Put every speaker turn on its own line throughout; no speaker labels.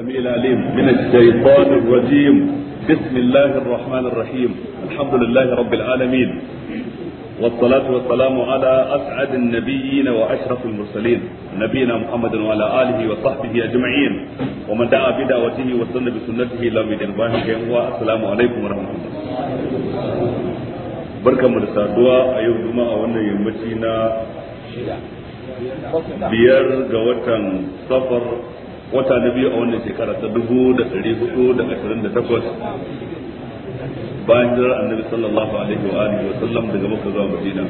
السميع العليم من الشيطان الرجيم بسم الله الرحمن الرحيم الحمد لله رب العالمين والصلاة والسلام على أسعد النبيين وأشرف المرسلين نبينا محمد وعلى آله وصحبه أجمعين ومن دعا بدعوته وسن بسنته إلى يوم الدين السلام عليكم ورحمة الله بركة من السادوة أيوه جماعة وانا يمتينا biyar ga watan safar wata na biyu a wannan shekara ta dubu da ɗari hudu da ashirin da takwas bayan jirar annabi sallallahu alaihi wa alihi wa sallam daga maka zuwa madina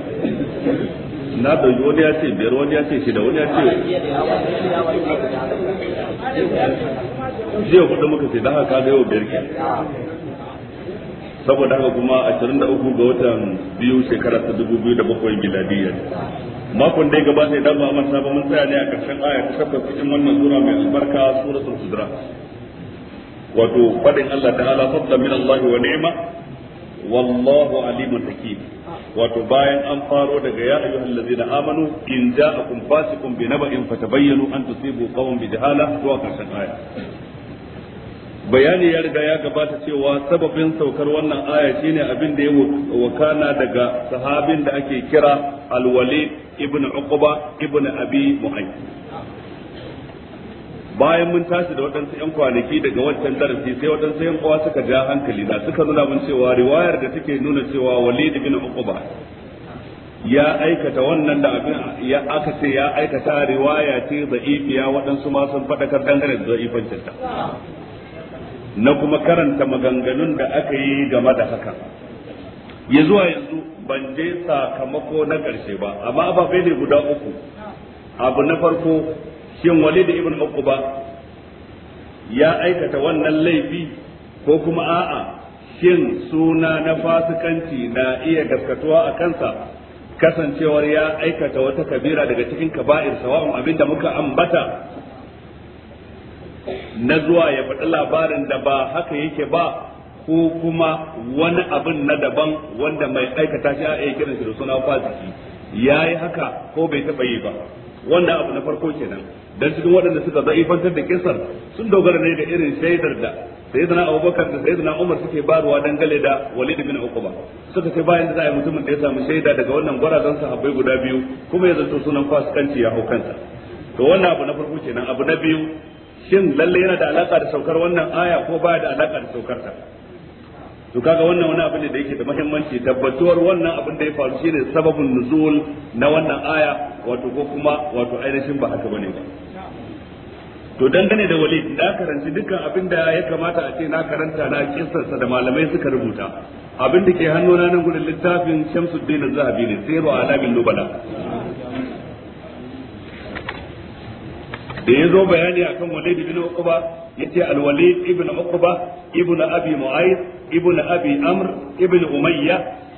na ɗauki wani ya ce biyar wani ya ce shida wani ya ce
jiya kuɗin muka ce da haka ga yau biyar ke
saboda haka kuma ashirin da uku ga watan biyu shekara ta dubu biyu da bakwai miladiyya makon da ya gabata idan ba amanta ba mun tsaya ne a karshen aya ta takwas cikin wannan sura mai albarka suratul hujra wato fadin Allah ta'ala fadla min Allah wa ni'ma wallahu alimun hakim wato bayan an faro daga ya ayyuhal ladzina amanu in ja'akum fasiqun bi naba'in fatabayyanu an tusibu qawman bi jahala zuwa karshen aya bayani ya riga ya gabata cewa sababin saukar wannan aya shine abin da ya wakana daga sahabin da ake kira alwalid ibn Uqba ibn Abi bayan mun tashi da waɗansu 'yan kwanaki daga wancan darasi sai waɗansu 'yan uwa suka ja hankali na suka nuna mun cewa riwayar da take nuna cewa Walid ibn Uqba ya aikata wannan da abin ya aka ce ya aikata riwaya ce da'ifiya waɗansu ma sun faɗakar dangane da da'ifancin ta na kuma karanta maganganun da aka yi game da hakan ya zuwa yanzu ban je sakamako na ƙarshe ba amma ababe ne guda uku abu na farko shin da ibn ba ya aikata wannan laifi ko kuma a'a shin suna na fasikanci na iya gaskatuwa a kansa kasancewar ya aikata wata kabira daga cikin kaba'ir sawa'un da muka ambata na zuwa ya faɗi labarin da ba haka yake ba ko kuma wani abin na daban wanda mai aikata shi a iya kiran shi da suna fasiki ya yi haka ko bai taɓa yi ba wanda abu na farko kenan dan cikin waɗanda suka fantar da kisar sun dogara ne da irin shaidar da zana Abubakar da zana Umar suke barwa dangane da Walid bin Uqba suka ce bayan da za a yi mutumin da ya samu shaida daga wannan gwarazan sahabbai guda biyu kuma ya zanto sunan fasikanci ya hau kansa to wannan abu na farko kenan abu na biyu shin lalle yana da alaka da saukar wannan aya ko baya da alaka da saukar ta to kaga wannan wani abin da yake da muhimmanci tabbatuwar wannan abin da ya faru shine sababin nuzul na wannan aya wato ko kuma wato ainihin ba haka bane ba to dangane da wali na karanci dukkan abin da ya kamata a ce na karanta na kissarsa da malamai suka rubuta abin da ke na nan gurin littafin Shamsuddin zahabi ne sai Sayru Alamin Nubala da ya zo bayani akan Walid ibn Uqba yace al-Walid ibn Uqba ibn Abi Mu'ayth ibn abi amr ibn umayya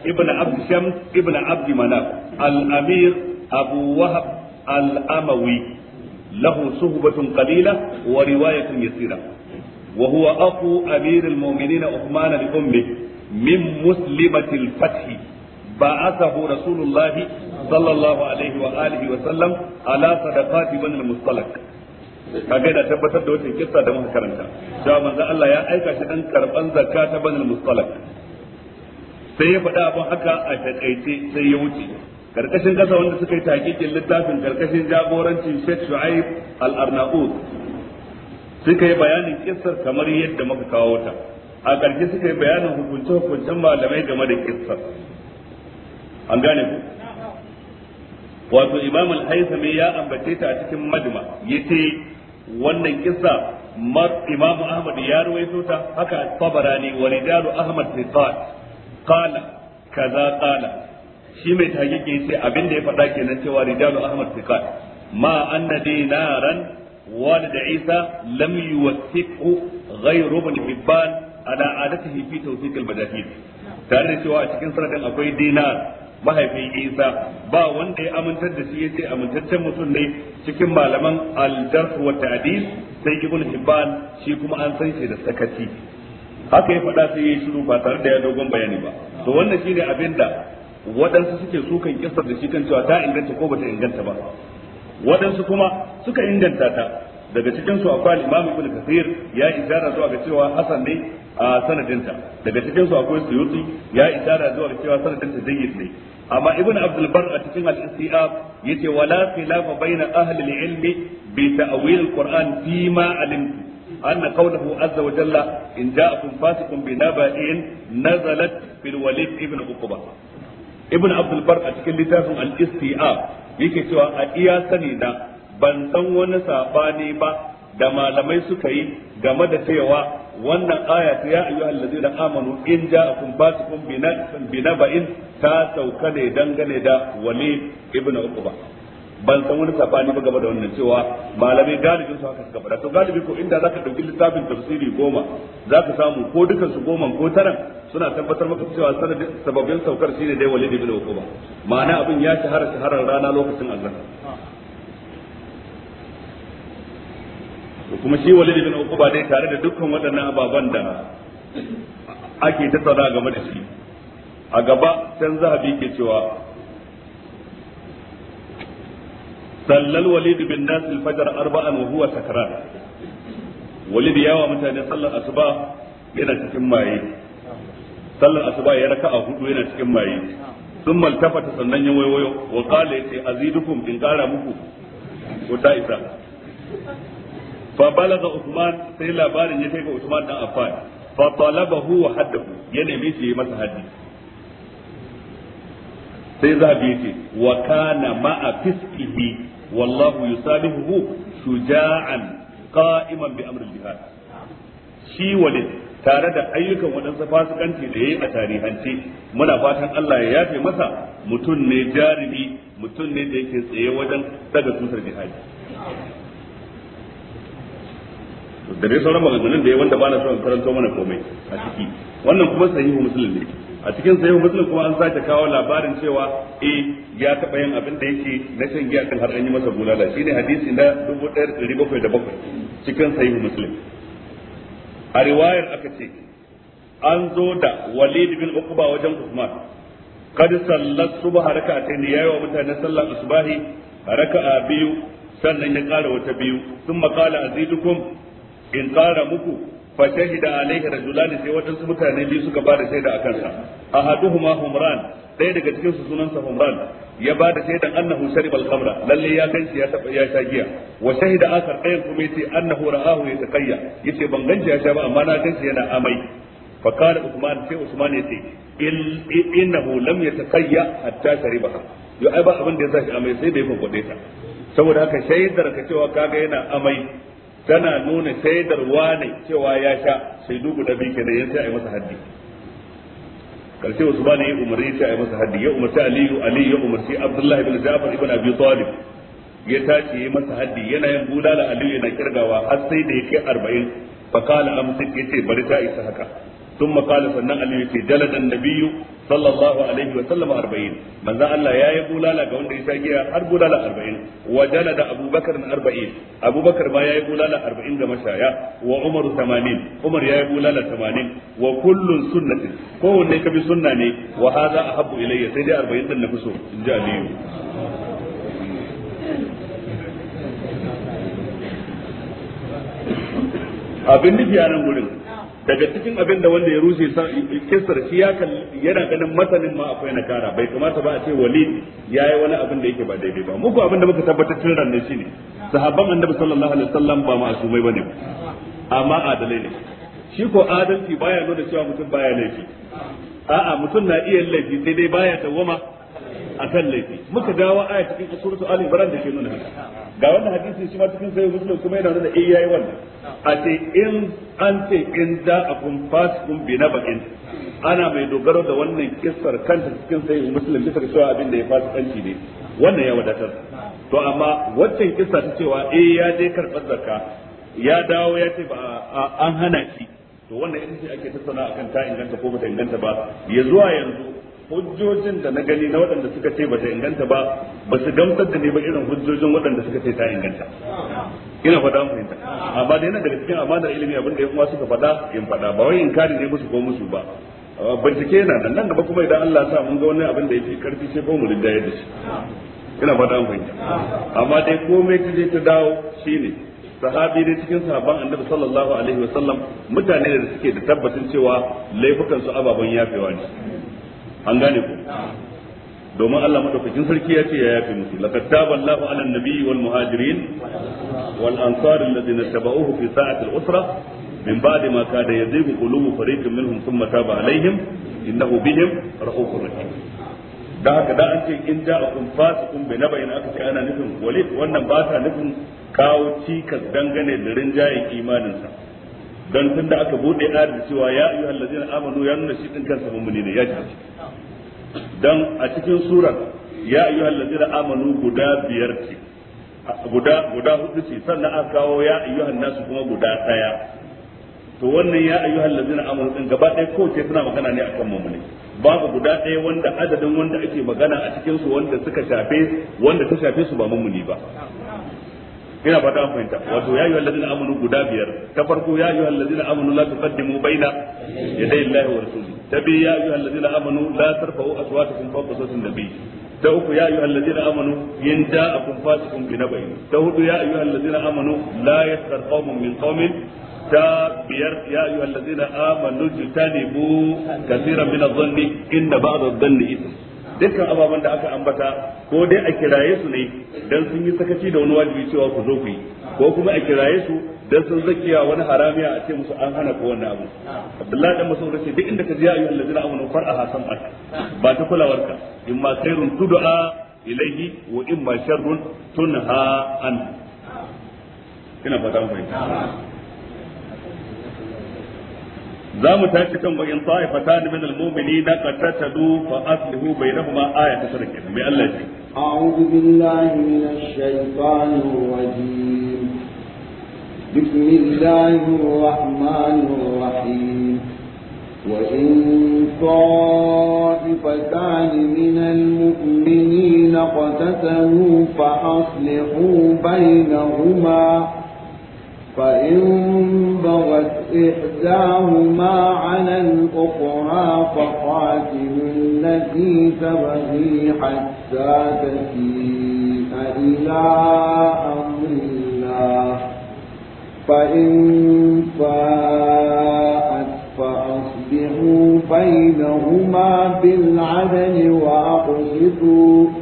ibn abd shams ibn abd manaf al amir abu wahab al amawi له صهبة قليلة ورواية يسيرة وهو أخو أمير المؤمنين عثمان لأمه من مسلمة الفتح بعثه رسول الله صلى الله عليه وآله وسلم على صدقات بن المصطلق kaga da tabbatar da wannan kissa da muka karanta cewa manzo Allah ya aika shi dan karban zakka ta banil mustalak sai ya faɗa abin haka a takaice sai ya wuce karkashin kasa wanda suka yi takikin littafin karkashin jagorancin Sheikh Shu'aib Al-Arnaud suka yi bayanin kissar kamar yadda muka kawo ta a karshe suka yi bayanin hukunce-hukuncen malamai game da kissar an gane ku wato imam al-haythami ya ambace ta a cikin majma yace wannan kissa imam ahmad ya ruwaito ta haka tabarani wa rijalu ahmad thiqat qala kaza qala shi mai tahqiqi sai abin da ya faɗa kenan cewa rijalu ahmad thiqat ma anna dinaran walid isa lam yuwathiqu ghayru ibn hibban ala adatihi fi tawthiq al tare da cewa a cikin sanadin akwai dinar mahaifin Isa ba wanda ya amintar da shi yace amintaccen mutum ne cikin malaman al-jarh wa ta'dil sai Ibn Hibban shi kuma an san shi da sakati haka ya faɗa sai ya shiru ba tare da ya dogon bayani ba to wannan shine abin da waɗansu suke sukan kissar da shi kan cewa ta inganta ko bata inganta ba waɗansu kuma suka inganta ta daga cikin su akwai Imam Ibn Kathir ya isara zuwa ga cewa Hassan ne a sanadinta daga cikin su akwai Suyuti ya isara zuwa ga cewa sanadinta jayyid ne amma ibn abdul bar a cikin al-istiyab yace wala khilafa baina ahli al-ilmi bi ta'wil al-qur'an fi ma alimtu anna qawluhu azza wa jalla in ja'akum fasiqun bi naba'in nazalat fil walid ibn uqba ibn abdul bar a cikin littafin al-istiyab yake cewa a iya sani da ban san wani sabani ba da malamai suka yi game da cewa wannan aya ta ya ayyuhal da amanu in ja'akum fasiqun binaba'in ta sauka ne dangane da wali ibnu uqba ban san wani sabani ba game da wannan cewa malamai galibin su haka suka to galibi ko inda zaka dauki littafin tafsiri goma zaka samu ko dukan su goma ko taran suna tabbatar maka cewa sanadin sababin saukar shine dai wali ibnu uquba ma'ana abin ya shahara shaharar rana lokacin allah. kuma shi walid bin uquba dai tare da dukkan waɗannan ababan da ake tattauna game da shi a gaba can zahabi ke cewa sallal walid bin nas al-fajr arba'an wa huwa sakran walid wa mutane sallar asuba yana cikin maye sallar asuba ya raka'a hudu yana cikin maye sun maltafata sannan ya wayo wa qala yace azidukum in kara muku ko ta isa fa balaga Usman sai labarin ya kai ga Usman dan Affan fa talabahu wa haddahu ya nemi shi masa haddi sai zabi yace wa kana ma'a fiskihi wallahu yusalihu shuja'an qa'iman bi amri jihad shi walid tare da ayyukan waɗansu fasikanci da a tarihance muna fatan Allah ya yafe masa mutum ne jarumi mutum ne da yake tsaye wajen daga tutar jihadi da dai sauran maganganun da ya wanda ba na son karanto mana komai a ciki wannan kuma sahihu muslim ne a cikin sahihu muslim kuma an sake kawo labarin cewa eh ya taɓa yin abin da yake na shan giya kan har an yi masa bulala shine hadisi na 1707 cikin sahihu muslim a riwayar aka ce an zo da walid bin uqba wajen usman kad sallat subha raka'atayn yayi wa mutane sallar asbahi raka'a biyu sannan ya ƙara wata biyu sun makala azidukum in ƙara muku fa shahida alaihi rajulani sai waɗansu mutane biyu suka ba da shaida a kansa ahaduhuma humran ɗaya daga cikin su sunansa humran ya ba da shaidan annahu shariba khamra lalle ya ganci ya taba ya giya. wa shahida akar ɗayan kuma yace annahu ra'ahu yataqayya yace ban ganci ya sha ba amma na ganci yana amai fa qala usman sai usman yace innahu lam yataqayya hatta sharibaha yo ai ba abin da ya sa shi amai sai da ya fagwade ta saboda haka shaidar ka cewa kaga yana amai tana nuna shaidarwa wane cewa ya sha shaidu guda biyu da yanzu a yi masa haddi karshe wasu bane ya umarni sai a yi masa haddi ya umarci aliyu aliyu ya umarci abdullah ibn ja'far ibn abi talib ya tashi ya yi masa haddi yana yin bulala aliyu yana kirgawa har sai da ya kai arba'in fa kala amsik yace bari ta isa haka Tun qala sannan aliyu yace jaladan nabiyu sallallahu alaihi wa sallam 40 manzo Allah ya yi bulala ga wanda ya sha giya har bulala 40 wa jalada abubakar 40 Abu Bakar ma ya yi bulala 40 ga mashaya wa umar 80 umar ya yi bulala 80 wa kullun sunnati ko wanne ka bi sunna ne wa hada ahabbu ilayya sai dai 40 din na fi so in ji aliyu abin nufi a nan gurin daga cikin abin da wanda ya rushe kisar shi ya yana ganin masanin ma akwai nakara bai kamata ba a ce wali ya yi wani abin da yake ba daidai ba muku abin da muka tabbatar tun ranar shi ne sahabban annabi sallallahu alaihi wasallam ba ma'asumai bane amma adalai ne shi ko adalci baya nuna cewa mutum baya laifi a'a mutum na iya laifi sai dai baya A akan laifi muka dawo aya cikin suratul ali imran da ke nuna ga wannan hadisi shi ma cikin sai muslim kuma yana nuna eh yayi wannan a ce in an ce in kun fasikun bi bakin ana mai dogaro da wannan kisar kanta cikin sai musulun bisa cewa abin da ya fasikanci ne wannan ya wadatar to amma waccan kissa ta cewa e ya je karɓar zakka ya dawo ya ce ba an hana shi to wannan ita ce ake tattauna akan ta inganta ko bata inganta ba ya zuwa yanzu hujjojin da na gani na waɗanda suka ce bata inganta ba ba su gamsar da ne ba irin hujjojin waɗanda suka ce ta inganta ina fada mu fahimta amma da yana daga cikin amanar ilimi abin da ya kuma suka fada in fada ba wai in kare ne musu ko musu ba bincike yana nan nan gaba kuma idan Allah ya sa mun ga wani abin da yake karfi sai ko mu rinda da shi ina fada mu fahimta amma dai komai ta je ta dawo shine sahabi ne cikin sahabban annabi sallallahu alaihi wa sallam mutane da suke da tabbacin cewa laifukan su ababen yafewa ne an gane ku domin Allah madaukakin sarki ya ce ya yafi musu laqad taballahu ala nabiyyi wal muhajirin wal ansar alladhina tabauhu fi sa'ati al usra min ba'di ma kada yazigu qulubu fariqin minhum thumma taba alaihim innahu bihim ra'ufur rahim Da haka da an ce in ja'akum fasiqun bi nabayin aka ce ana nufin walid wannan ba ta nufin kawo cikas dangane da rinjayen imaninsa dan tunda aka bude ayar da cewa ya ayyuhallazina amanu ya nuna shi din kansa mummuni ne ya ji dan a cikin surar ya ayyuha allazina amanu guda biyar ce guda guda hudu ce sannan aka kawo ya ayyuhan nasu kuma guda daya to wannan ya ayyuha allazina amanu din gaba ɗaya ce suna magana ne akan mu'mini babu guda ɗaya wanda adadin wanda ake magana a cikin su wanda suka shafe wanda ta shafe su ba mu'mini ba ina fata an fahimta wato ya ayyuhal ladina amanu guda biyar ta farko ya ayyuhal ladina amanu la tuqaddimu baina yaday Allahi wa rasulihi ta bi ya ayyuhal ladina amanu la tarfa'u aswatakum fawqa sawti nabi ta uku ya ayyuhal ladina amanu in ja'akum fasiqun binabain ta hudu ya ayyuhal ladina amanu la yaskhar qaumun min qaumin ta biyar ya ayyuhal ladina amanu jtanibu kaseeran min adh-dhanni inna ba'da adh-dhanni ithm dukkan ababen da aka ambata ko dai a kiraye su ne dan sun yi sakaci da wani wajibi cewa ku zo ku yi ko kuma a kiraye su dan sun zakiya wani haramiya a ce musu an hana ko wannan abu Abdullahi dan Mas'ud ce duk inda ka ji ayyuhal ladina amanu far'aha sam'at ba ta kulawarka in ma khairun tud'a ilayhi wa in ma sharrun tunha an ina fata mun za mu tashi kan bayan ta'ifatan min al-mu'minin qatatalu fa aslihu bainahuma ayatu sirri mai Allah ce
a'udhu billahi minash shaitanir rajim bismillahir rahmanir rahim وإن طائفتان من المؤمنين اقتتلوا فأصلحوا بينهما فإن بغت إحداهما على الأخرى فقاتل التي تبغي حتى تسيء إلى أمر الله فإن فاءت فأصبحوا بينهما بالعدل وأقسطوا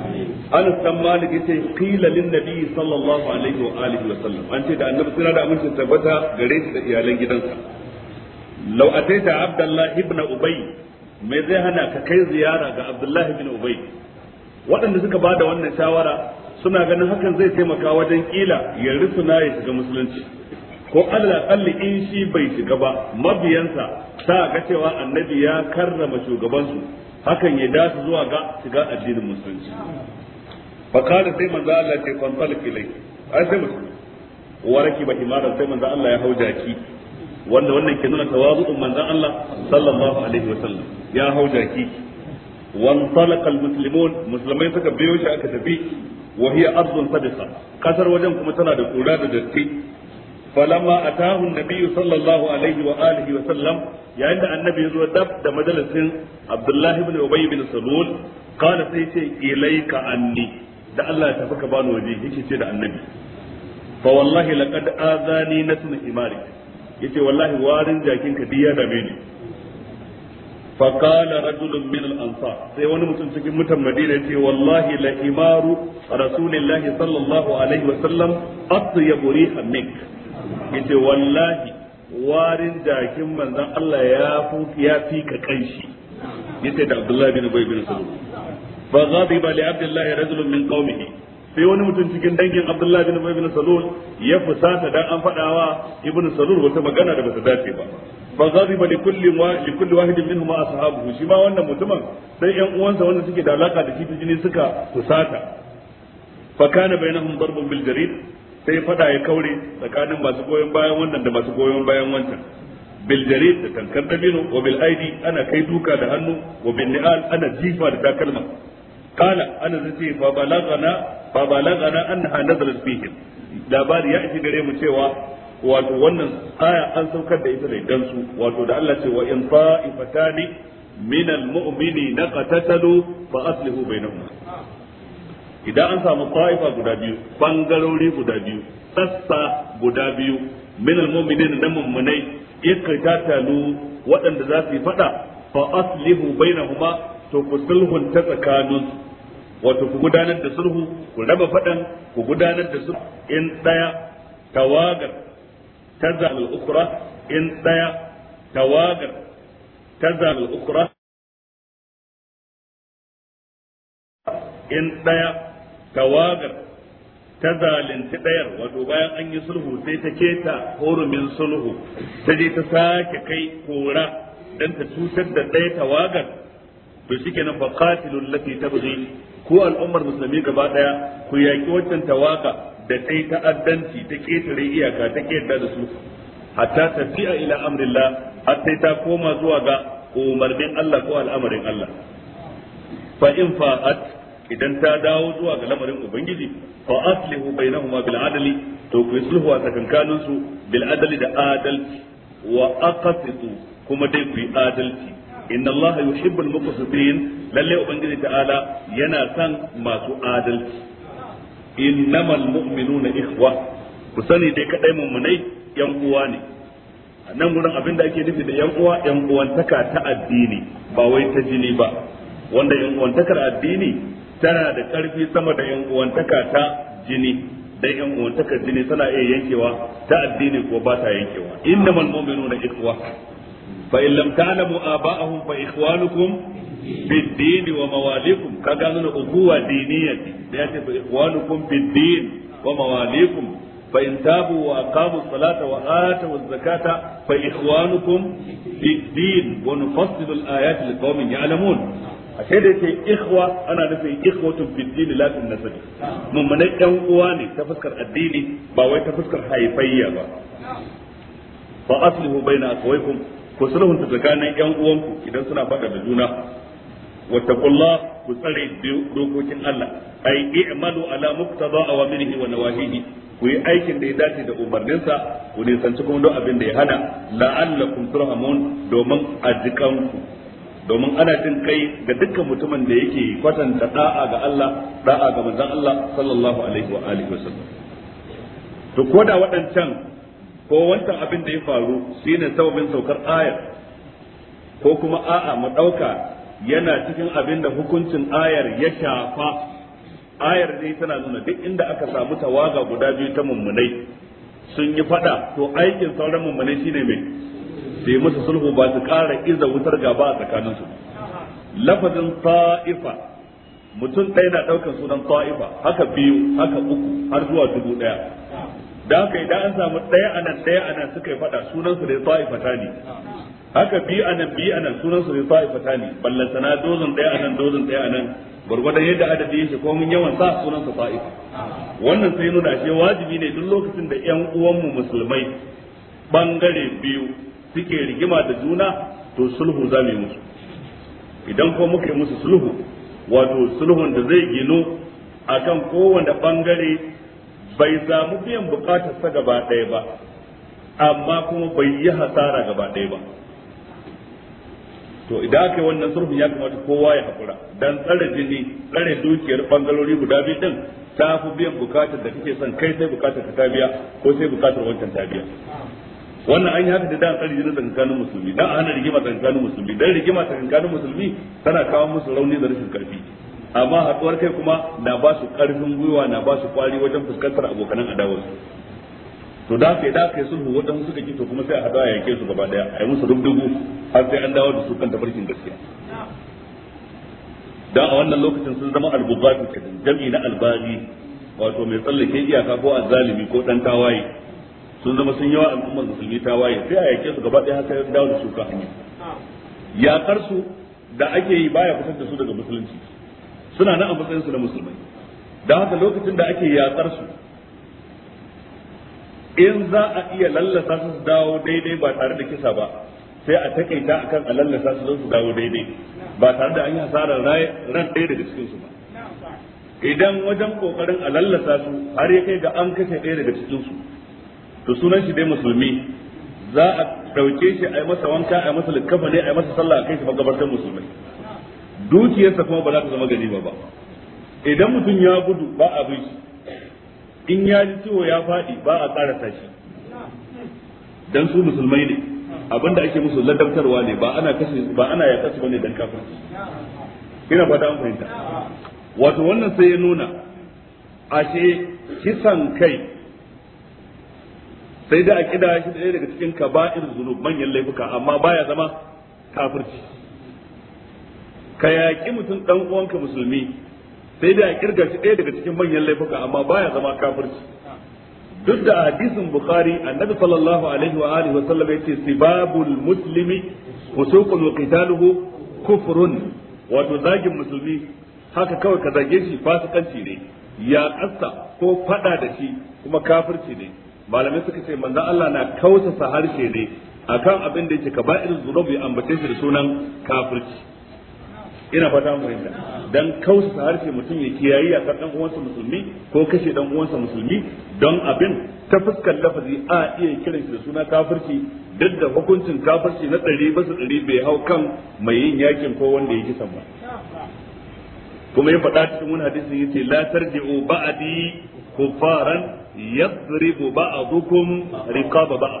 Anas dan Malik yace qila lin nabi sallallahu alaihi wa alihi wa sallam an ce da annabi suna da amincin tabbata gare shi da iyalan gidansa law ataita Abdullah ibn Ubay me zai hana ka kai ziyara ga Abdullah ibn Ubay waɗanda suka ba da wannan shawara suna ganin hakan zai taimaka wajen kila ya rusuna ya shiga musulunci ko Allah kalli in shi bai shiga ba mabiyansa sa ga cewa annabi ya karrama shugabansu hakan ya dace zuwa ga shiga addinin musulunci fa kada sai manzo Allah ce kon talqi lai ai sai mutum waraki ba himara sai manzo Allah ya hau jaki wanda wannan ke nuna tawazu'un manzo Allah sallallahu alaihi wa sallam ya hau jaki wan talaqa al muslimun musulmai suka biyo shi aka tafi wa hiya ardun Sadiqa. kasar wajen kuma tana da kura da datti a atahu nabiyyu sallallahu alaihi wa alihi wa sallam yayin da annabi yazo dab da majalisin Abdullah ibn Ubay ibn Salul kana sai ce ilaika anni da Allah ya tafi ka bani waje yake ce da annabi fa wallahi laqad azani nasmi himari yace wallahi warin jakin ka diya da ni fa qala rajulun min sai wani mutum cikin mutan Madina yace wallahi la himaru rasulillahi sallallahu alaihi wa sallam atyabu yace wallahi warin jakin manzon Allah ya fi ya fi ka kanshi yace da Abdullah bin Ubay bin Salul fa ghadiba li Abdullah rajulun min qaumihi sai wani mutum cikin dangin Abdullah bin Ubay bin Salul ya fusata dan an fadawa Ibn Salul wata magana da bata dace ba fa ghadiba li kulli wa li kulli wahidin minhum ashabuhu shi ma wannan mutumin sai ƴan uwansa wanda suke da alaka da shi jini suka fusata fa kana bainahum darbun bil jarid sai fada ya kaure tsakanin masu goyon bayan wannan da masu goyon bayan wancan bil jarid da tankar dabino wa bil aidi ana kai duka da hannu wa bil ni'al ana jifa da takalma kala ana zace fa balagana fa balagana annaha nazalat fihim labari ya ishi gare mu cewa wato wannan aya an saukar da ita da dan su wato da Allah ce wa in ta'ifatani min al-mu'minina qatatalu fa aslihu bainahuma idan an samu ta'ifa guda biyu bangarori guda biyu sassa guda biyu min almu'minin na mummunai ta talu waɗanda za su yi faɗa fa aslihu bainahuma to ku sulhun ta tsakanin wato ku gudanar da sulhu ku raba faɗan, ku gudanar da sulhu in ɗaya tawagar ta al-ukhra in ɗaya tawagar
ta al-ukhra
in ɗaya tawagar ta zalunci ɗayar wato bayan an yi sulhu sai ta keta horumin sulhu ta je ta sake kai kora dan ta cutar da ɗaya tawagar to shikenan fa qatilul lati tabghi ko al'ummar musulmi gaba ɗaya, ku yaƙi waccan tawaga da sai ta'addanci ta ketare iyaka ta ketare da su hatta tafi'a ila amrillah har sai ta koma zuwa ga umarnin Allah ko al'amarin Allah fa in fa'at idan ta dawo zuwa ga lamarin ubangiji fa aslihu bainahuma bil adli to ku sulhu a tsakankanin su bil adli da adalci wa aqsitu kuma dai ku yi adalci inna Allah yuhibbul muqsitin lalle ubangiji ta'ala yana san masu adalci innamal mu'minuna ikhwa ku sani dai kadai mummunai yan uwa ne nan gurin abin da ake nufi da yan uwa yan uwantaka ta addini ba wai ta jini ba wanda yan uwantakar addini tana da ƙarfi sama da yan uwantaka ta jini da yan uwantaka jini tana iya yankewa ta addini ko ba ta yankewa innamal mu'minuna ikhwa fa in lam ta'lamu aba'ahum fa ikhwanukum bid-din wa mawalikum kaga nuna ukhuwa diniyya da yace fa ikhwanukum bid-din wa mawalikum fa in tabu wa aqamu salata wa atu zakata fa ikhwanukum bid-din wa nufassilu al-ayati liqaumin ya'lamun a sai da yake ikhwa ana nufin ikhwatu bid-din la fil nasab mummune ɗan uwa ne ta fuskar addini ba wai ta fuskar haifayya ba fa aslihu baina akhawaykum ku sulhunta tsakanin yan uwanku idan suna faɗa da juna wattaqullah ku tsare dokokin Allah ai i'malu ala muqtada awamirihi wa nawahihi ku yi aikin da ya dace da umarninsa ku nisanci kuma don abin da ya hana la'allakum turhamun domin ajikanku domin ana jin kai ga dukkan mutumin da yake kwatanta da'a ga Allah da'a ga manzon Allah sallallahu alaihi wa alihi wasallam to da waɗancan ko wancan abin da ya faru shine sabbin saukar ayar ko kuma a'a mu ɗauka yana cikin abin da hukuncin ayar ya shafa ayar ne tana nuna duk inda aka samu tawaga guda biyu ta mummunai sun yi fada to aikin sauran mummunai shine mai su yi musu sulhu ba su ƙara iza wutar gaba a tsakaninsu lafazin ta'ifa mutum ɗaya na ɗaukar sunan ta'ifa haka biyu haka uku har zuwa dubu ɗaya da haka idan an samu ɗaya a nan ɗaya a nan suka yi faɗa sunansu ne ta'ifa ta ne haka biyu a nan biyu a nan sunansu ne ta'ifa ta ne ballantana dozin ɗaya a nan dozin ɗaya a nan gwargwadon yadda adadi yake ko mun yawan sa sunan ta'ifa. wannan sai nuna shi wajibi ne duk lokacin da ƴan uwanmu musulmai bangare biyu suke rigima da juna to sulhu za mu musu idan ko muka yi musu sulhu wato sulhun da zai gino akan kowane bangare bai samu biyan bukatarsa gaba ɗaya ba amma kuma bai yi hasara gaba ɗaya ba to idan aka yi wannan sulhun ya kamata kowa ya haƙura dan tsare jini tsare dukiyar bangalori guda biyu ɗin, ta fi biyan bukatar da kake son kai sai bukatar ka ta biya ko sai bukatar wancan ta wannan an yi haka da dan tsari da tsakankanin musulmi dan a hana rigima tsakankanin musulmi dan rigima tsakankanin musulmi tana kawo musu rauni da rashin karfi amma haɗuwar kai kuma na ba su ƙarfin gwiwa na ba su kwari wajen fuskantar abokanan adawarsu to da haka da aka sulhu wajen suka ki to kuma sai a haɗu ya su gaba daya a yi musu rubdugu har sai an dawo da su kan tafarkin gaskiya dan a wannan lokacin sun zama albugatu jam'i na albazi wato mai tsallake iyaka ko azzalimi ko dan tawaye sun zama sun yawa al'ummar musulmi ta waye sai a yake su gaba ɗaya haka ya dawo da su ka hanya su da ake yi baya fitar da su daga musulunci suna nan a matsayin su na musulmai da haka lokacin da ake yaƙar su in za a iya lallasa su dawo daidai ba tare da kisa ba sai a takaita akan a lallasa su don su dawo daidai ba tare da an yi hasarar ran ɗaya daga cikin su
ba
idan wajen kokarin a lallasa su har ya kai ga an kashe ɗaya daga cikin su to sunan shi dai musulmi za a ɗauke shi a yi masa wanka a yi masa likafa ne a yi masa sallah a kai shi magabartar musulmai dukiyarsa kuma ba za ta zama gani ba idan mutum ya gudu ba a bi shi in ya ji ciwo ya faɗi ba a ƙarasa shi dan su musulmai ne abinda ake musu ladabtarwa ne ba ana kashe ba ana yaƙa su bane dan kafirci ina fata an fahimta wato wannan sai ya nuna ashe kisan kai sai da akida shi ɗaya daga cikin kaba'ir zunub manyan laifuka amma baya zama kafirci ka yaƙi mutum ɗan uwanka musulmi sai da kirga shi ɗaya daga cikin manyan laifuka amma baya zama kafirci duk da hadisin bukhari annabi sallallahu alaihi wa alihi wa sallam yace sibabul muslimi fusuqun wa qitaluhu kufrun wato zagin musulmi haka kawai ka zage shi fasikanci ne ya ƙasa ko fada da shi kuma kafirci ne malamai suka ce manzo Allah na kausasa harshe ne akan abin da yake kaba'ir zunub ya ambace shi da sunan kafirci ina fata mu rinda dan kausasa harshe mutum ya kiyaye kan dan uwansa musulmi ko kashe dan uwansa musulmi don abin ta fuskar lafazi a iya kiran shi da suna kafirci duk da hukuncin kafirci na ɗari basu ɗari bai hau kan mai yin yakin ko wanda ya kisan ba kuma ya faɗa cikin wani hadisi yace la tarji'u ba'di kufaran yadribu ba'dukum riqaba ba'd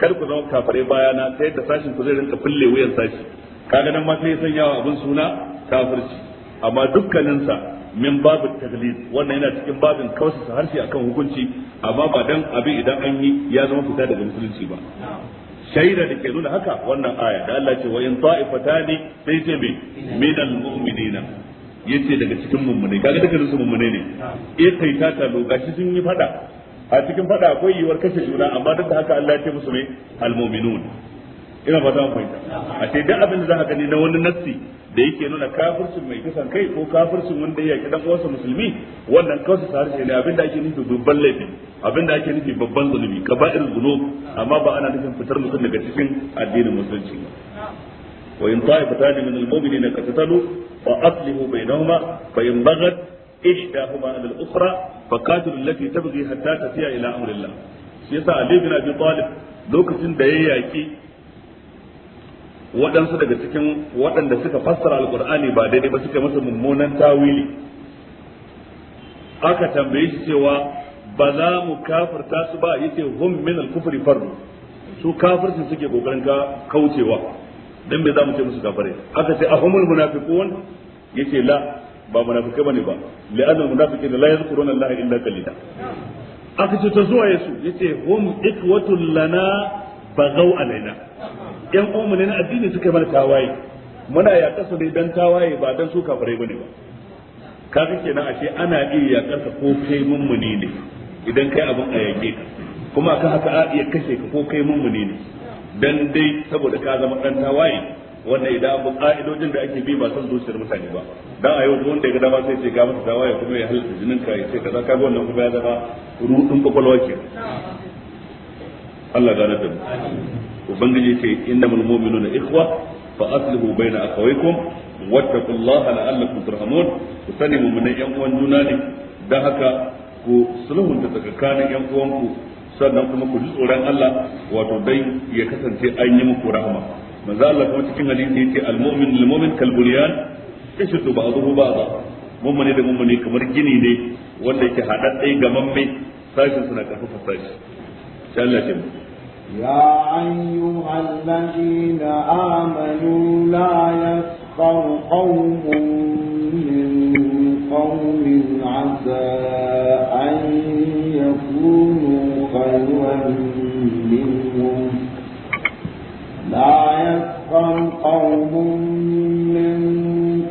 kar ku zama kafare bayana sai da sashin ku zai rinka fille wuyan sashi kaga nan ma sai sanya wa abin suna kafirci amma dukkanin sa min babu taglid wannan yana cikin babin kausa har harshe akan hukunci amma ba dan abin idan an yi ya zama fita daga musulunci ba shaida da ke nuna haka wannan aya da Allah ce wa in ta'ifatani sai ce me minal mu'minina yace daga cikin mummune kaga dukkan su mummune ne ah. eh kai ta ta lokaci sun yi fada a cikin fada akwai yiwuwar kashe juna amma duk da haka Allah ya ce musu ne almu'minun ina fata mun fahimta a ah. ce duk abin da za ka gani na wani nassi da yake nuna kafircin mai kisan kai ko kafircin wanda ya dan uwansa musulmi wannan kawai su ne abin da ake nufi babban laifi abin da ake nufi babban zunubi kaba'ir zunub amma ba ana nufin fitar mutum daga cikin addinin musulunci ba ah. wa in ta'ifatan min al-mu'minina qatatalu وأصله بينهما فإن بغت إحداهما على الأخرى فقاتل التي تبغي حتى تفيء إلى أمر الله yasa Ali bin Abi lokacin da ya yaki waɗansu daga cikin waɗanda suka fassara alkur'ani ba daidai ba suka masa mummunan tawili aka tambaye shi cewa ba za mu kafirta su ba yace hum min al-kufri fardu su kafircin suke kokarin ka kaucewa dan bai za mu ce musu kafare aka ce ahumul munafiqun yace la ba munafikai bane ba la'anna munafiqina la yadhkuruna allaha illa qalila aka ce ta zuwa yesu yace hum ikwatul lana bagaw alaina yan umu ne na addini suka mana tawaye muna ya kasa ne dan tawaye ba dan su kafare bane ba Ka kaga kenan ashe ana iya ya kasa ko kai mun muni ne idan kai abin a yake kuma ka haka a iya kashe ka ko kai mun muni ne dan dai saboda ka zama dan tawaye wannan idan abu ka'idojin da ake bi ba san zuciyar mutane ba dan a yau wanda ya gada ba sai ce ga masa tawaye kuma ya halatta jinin ka ya ce ka ga wannan kuma ya zama rudin kwakwalwa ke Allah gane da mu ubangiji ce mul mu'minuna ikhwa fa aslihu baina akhawaykum wattaqullaha la'allakum turhamun ku sani yan uwan juna ne dan haka ku sulhunta tsakanin yan uwanku sannan kuma ku ji tsoron Allah wato dai ya kasance an yi muku rahama manzo Allah kuma cikin hadisi yace al-mu'min mu'min kal bunyan ba'dahu ba'dha da mummune kamar gini ne wanda yake haɗaɗɗe ga mamme sashin suna karfafa sashi sai Allah ya
يا أيها الذين آمنوا لا يسخر أيوة منهم لا يسخر قوم من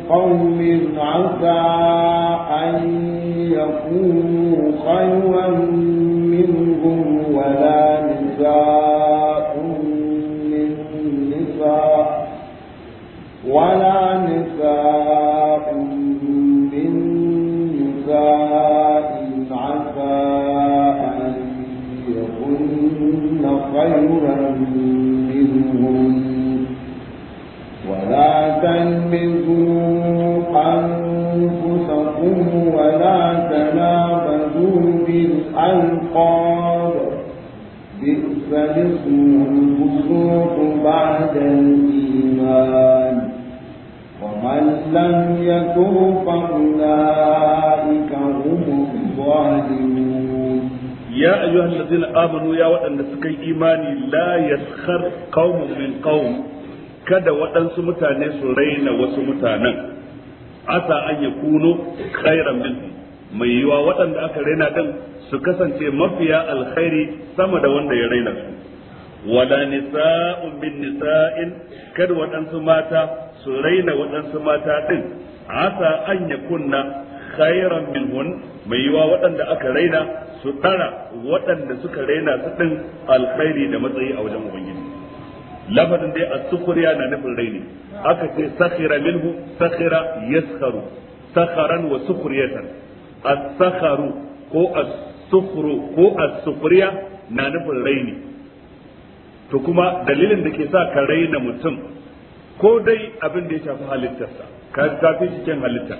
قوم عسى أن يكونوا حلاوة الإيمان ومن لم يكن فأولئك هم الظالمون يا أيها الذين آمنوا
يا وأن سكي إيماني لا يسخر قوم من قوم kada waɗansu mutane su raina wasu mutanen asa an ya kuno khairan mai yiwa waɗanda aka raina ɗin su kasance mafiya alkhairi sama da wanda ya raina su wala nisa'un min nisa'in kada waɗansu mata su raina waɗansu mata ɗin asa an ya kunna khairan minhun mai yiwa waɗanda aka raina su ɗara waɗanda suka raina su ɗin alkhairi da matsayi a wajen ubangiji lafazin dai as-sukhriya na nufin raini aka ce sakhira minhu sakhira yaskharu sakharan wa sukhriyatan as-sakharu ko as-sukhru ko as-sukhriya na nufin raini to kuma dalilin da ke sa ka raina mutum ko dai abin da ya shafi halittarsa ka kafi cikin halitta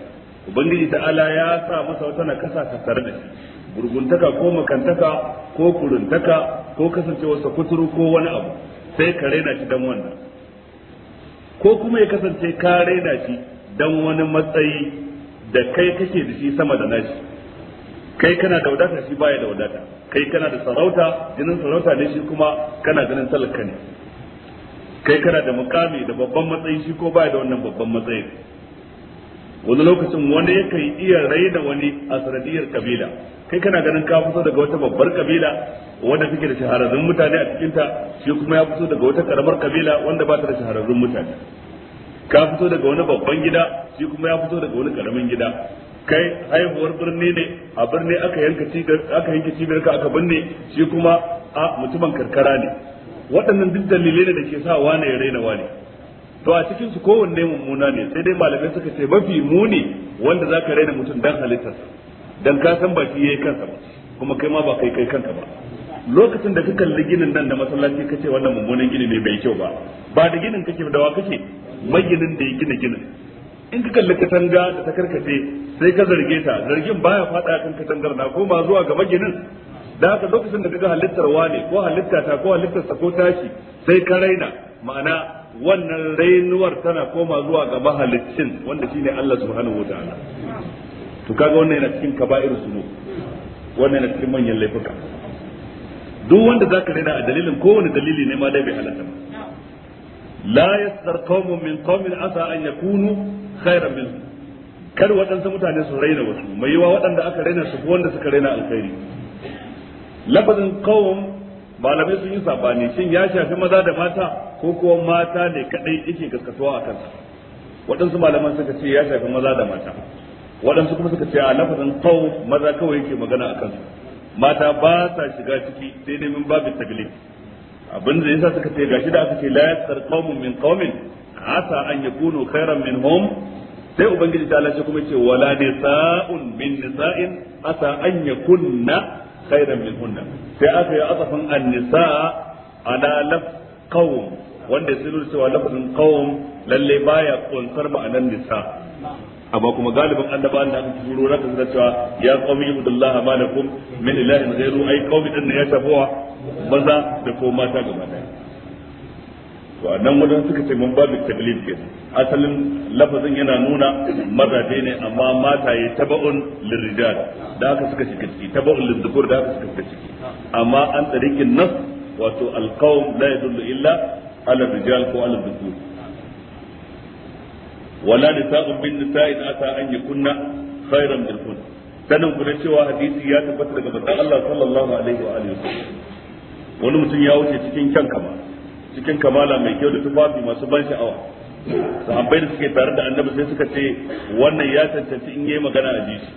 ubangiji Ala ya sa masa wata kasa ta tare da ko makantaka ko kuruntaka ko kasancewarsa kuturu ko wani abu sai ka raina shi dan wannan ko kuma ya kasance ka raina shi dan wani matsayi da kai kake da shi sama da nashi kai kana da wadata shi baya da wadata kai kana da sarauta jinin sarauta ne shi kuma kana ganin talaka ne kai kana da mukami da babban matsayi shi ko baya da wannan babban matsayi wani lokacin wani kai iya raina wani a sanadiyar kabila kai kana ganin ka fito daga wata babbar kabila wanda take da shahararrun mutane a cikinta shi kuma ya fito daga wata karamar kabila wanda ba ta da shahararrun mutane ka fito daga wani babban gida shi kuma ya fito daga wani karamin gida kai haihuwar birni ne a birni aka yanka cibiyar aka yanka cibiyar ka aka binne shi kuma a mutumin karkara ne waɗannan duk dalilai ne da ke sa wane ya raina wane to a cikin su kowanne mummuna ne sai dai malamai suka ce mafi muni wanda za ka raina mutum dan halittar. dan ka san ba shi yayi kansa ba kuma kai ma ba kai kai kanka ba lokacin da ka kalli ginin nan da masallaci kace wannan mummunan gini ne bai kyau ba ba da ginin kake da wa kake maginin da ya gina ginin in ka kalli katanga da ta karkace sai ka zarge ta zargin baya fada kan katangar na koma zuwa ga maginin da haka lokacin da kaga halittar wane ko halitta ta ko halittar sa ko tashi sai ka raina ma'ana wannan rainuwar tana koma zuwa ga mahaliccin wanda shine Allah subhanahu wataala to kaga wannan yana cikin kaba'ir sunu wannan yana cikin manyan laifuka duk wanda zaka raina a dalilin kowane dalili ne ma dai bai halatta ba la yasdar qaumun min qawmin asa an yakunu khairan min kar waɗansu mutane su raina wasu mai yawa waɗanda aka raina su wanda suka raina alkhairi lafazin qawm malamai sun yi sabani shin ya shafi maza da mata ko kuwa mata ne kadai yake gaskatuwa akan. waɗansu malaman suka ce ya shafi maza da mata waɗansu kuma suka ce a lafazin qawm maza kawai yake magana akan. mata ba sa shiga ciki sai dai min babin tagli abin da yasa suka ce gashi da aka ce la yaqtar qawmun min qawmin asa an yakunu khairan minhum sai ubangiji ta Allah kuma ce wala nisa'un min nisa'in asa an yakunna khairan minhunna sai aka yi asafin an-nisa ala laf qawm wanda sai nuna cewa lafazin qawm lalle baya kunsar ma'anar nisa amma kuma galibin annabawan da aka turo raka da cewa ya qawmi ibudullah malakum min ilahin ghairu ay qawmi din ya tafawa maza da ko mata gaba daya to a nan wajen suka ce mun babu taglib ke asalin lafazin yana nuna mazaje ne amma mata yi taba'un lirrijal da aka suka shiga ciki taba'un lirzukur da aka suka shiga ciki amma an tsarikin nas wato alqawm la yadullu illa ala rijal ko ala dhukur wala nisa'un bin nisa'in ata an yakunna khairan min kun sanin ku da cewa hadisi ya tabbata daga manzon Allah sallallahu alaihi wa alihi wani mutum ya wuce cikin kyan kama cikin kamala mai kyau da tufafi masu ban sha'awa sahabbai da suke tare da annabi sai suka ce wannan ya tantance in yayi magana a jishi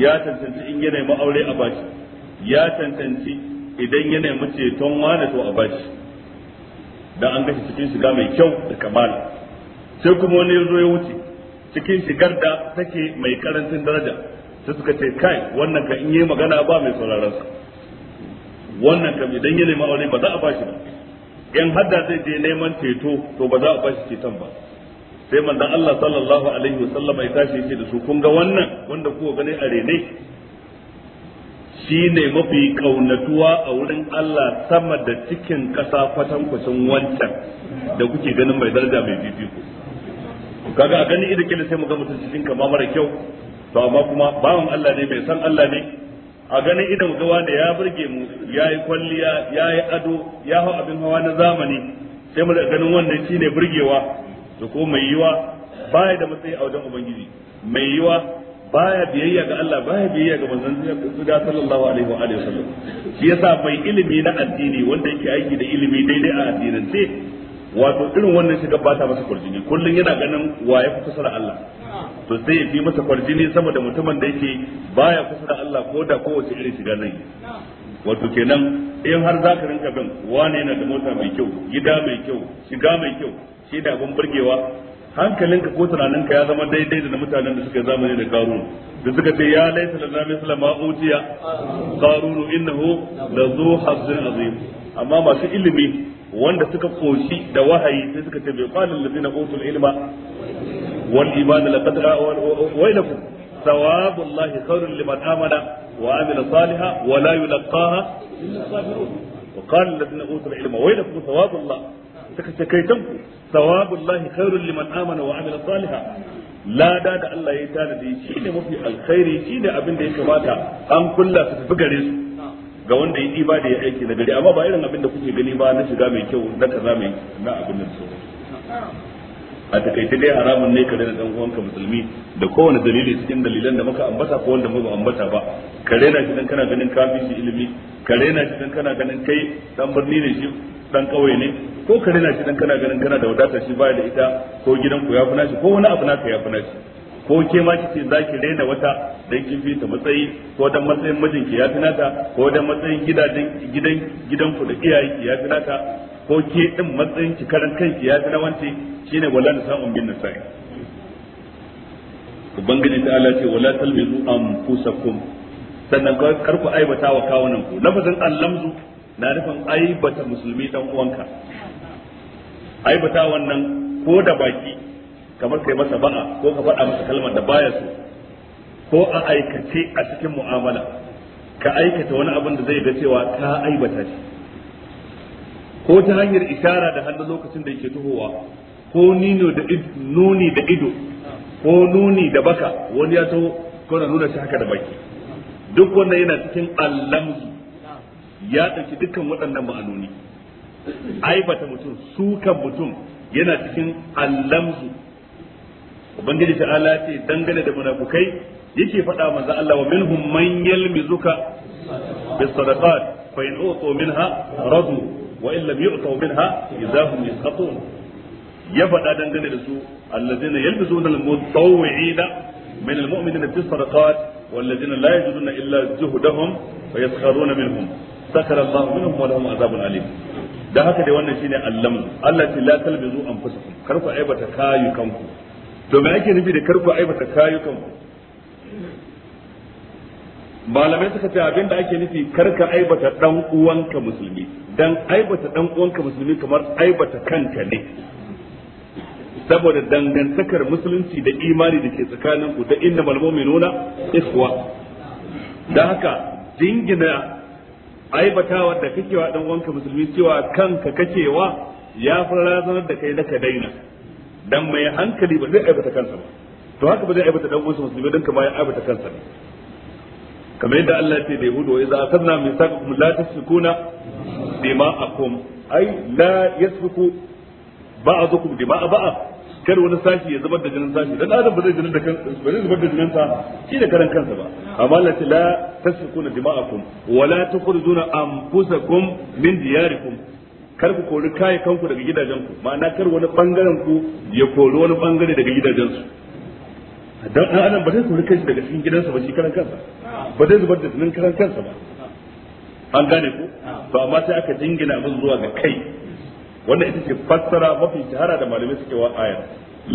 ya tantance in yana ma'aure a bashi ya tantance idan yana mace ton wani to a bashi dan an gashi cikin shiga mai kyau da kamala sai kuma wani ya zo ya wuce cikin shigar da take mai karancin daraja sai suka ce kai wannan ka in yayi magana ba mai sauraron sa wannan kam idan yana ma'aure ba za a bashi ba in hadda zai je neman ceto to ba za a bashi ceton ba sai manzon Allah sallallahu alaihi wasallam ya tashi yake da su kun ga wannan wanda kuka gani a rene shine mafi kaunatuwa a wurin Allah sama da cikin kasa kwatan kwacin wancan da kuke ganin mai daraja mai fifiko kaga a gani idan kila sai mu ga mutum cikin kama mara kyau to amma kuma bawan Allah ne mai san Allah ne a ganin idan gawa da ya burge mu ya yi kwalliya ya yi ado ya hau abin hawa na zamani sai mu da ganin shi shine burgewa da ko mai yiwa baya da matsayi a wajen ubangiji mai yiwa baya biyayya ga Allah baya biyayya ga manzon Allah sallallahu alaihi wa alihi wasallam shi yasa mai ilimi na addini wanda yake aiki da ilimi daidai a addinance wato irin wannan shiga ba ta masa kwarjini kullum yana ganin wa ya kusa da Allah to sai ya fi masa kwarjini saboda mutumin da yake baya kusa da Allah ko da kowace irin shiga zai wato kenan in har za ka rinka bin wane yana da mota mai kyau gida mai kyau shiga mai kyau shi da abin burgewa hankalinka ko tunaninka ya zama daidai da na mutanen da suka zamani da karu da suka ce ya laisa lana misla ma utiya karunu innahu lazu hazzin hazin azim amma masu ilimi wanda suka koshi da wahayi sai suka ce bai da zina utul ilma wal iman laqad wailakum thawabu allahi khairun liman amana wa amila salihan wa la yulqaha illa sabirun wa qala allazina utul ilma wailakum thawabu allah suka ce kai tanku thawabu allahi khairun liman amana wa amila salihan lada da Allah ya tanadi shine mafi alkhairi shine abin da ya kamata an kulla su tafi gare su ga wanda ya ɗiba da ya aiki na gari amma ba irin abin da kuke gani ba na shiga mai kyau na kaza mai na abin da
sauran
a takaice dai haramun ne kare da dan uwanka musulmi da kowane dalili cikin dalilan da muka ambata ko wanda muka ambata ba kare na shi dan kana ganin kafin shi ilimi kare na shi dan kana ganin kai dan birni ne shi dan kauye ne ko kare na shi dan kana ganin kana da wadata shi baya da ita ko gidan ku ya fi nashi ko wani abu naka ya fi nashi ko ke ma ce za ki raina wata dan kin fita matsayi ko dan matsayin mijinki ya finata ko dan matsayin gidajen gidan gidan ku da iyayenki ya finata ko ke din matsayin ki karan kanki ya fina wance shine wala nisaun bin nisa'i ubangiji ta Allah ce wala talmizu anfusakum sannan kar ku aibata wa kawunan ku lafazin allamzu na nufin aibata musulmi dan uwanka aibata wannan ko da baki kamar kai masa ba'a ko ka faɗa masa kalmar da baya so ko a aikace a cikin mu'amala ka aikata wani abin da zai ga cewa ka aibata shi ko ta hanyar isara da hannu lokacin da yake tuhowa ko nino da nuni da ido ko nuni da baka wani ya taho ko na nuna shi haka da baki duk wannan yana cikin allamzu ya ɗauki dukkan waɗannan ma'anoni aibata mutum sukan mutum yana cikin allamzu ubangiji ta'ala ce dangane da munafukai yake faɗa manzo Allah wa minhum man yalmizuka
bis sadaqat
fa in utu minha radu wa in lam yu'tu minha idahum yasqatun ya faɗa dangane da su allazina yalmizuna al-mutawwi'ina min al-mu'minina bis sadaqat والذين لا يجدون إلا جهدهم ويسخرون منهم سخر الله منهم ولهم عذاب أليم da haka dai wannan shine allam. Allah ce la talbizu anfusakum kar ku aibata kayukanku to me ake nufi da karku aibata kayukan malamai suka ce abin da ake nufi karka aibata dan uwanka musulmi dan aibata dan uwanka musulmi kamar aibata kanka ne saboda dangantakar musulunci da imani da ke tsakanin ku da inna malmomi nuna ikhwa da haka jingina aibatawa da kake wa dan uwanka musulmi cewa kanka wa ya fi razanar da kai da ka daina dan mai hankali ba zai aibata kansa ba to haka ba zai aibata dan uwansa musulmi dan kamar ya aibata kansa ne kamar yadda Allah ya ce da Yahudu idza akhadna mithaqakum la tasfikuna dima'akum ai la yasfiku ba'dukum dima'a ba'a kar wani sashi ya zubar da jinin sashi dan adam ba zai jinin da kansa ba zai zubar da jinin sa shi da karan kansa ba amma Allah ce la tasfikuna dima'akum wa la tukhrijuna anfusakum min diyarikum kar ku kori kayi kanku daga gidajen ku ma'ana kar wani bangaren ku ya kori wani bangare daga gidajen su dan an adam ba zai kori kai daga cikin gidansa ba shi karan kansa ba zai zubar da jinin karan kansa ba an gane ku to amma sai aka jingina min zuwa ga kai wannan ita ce fassara mafi shahara da malamai suke wa ayar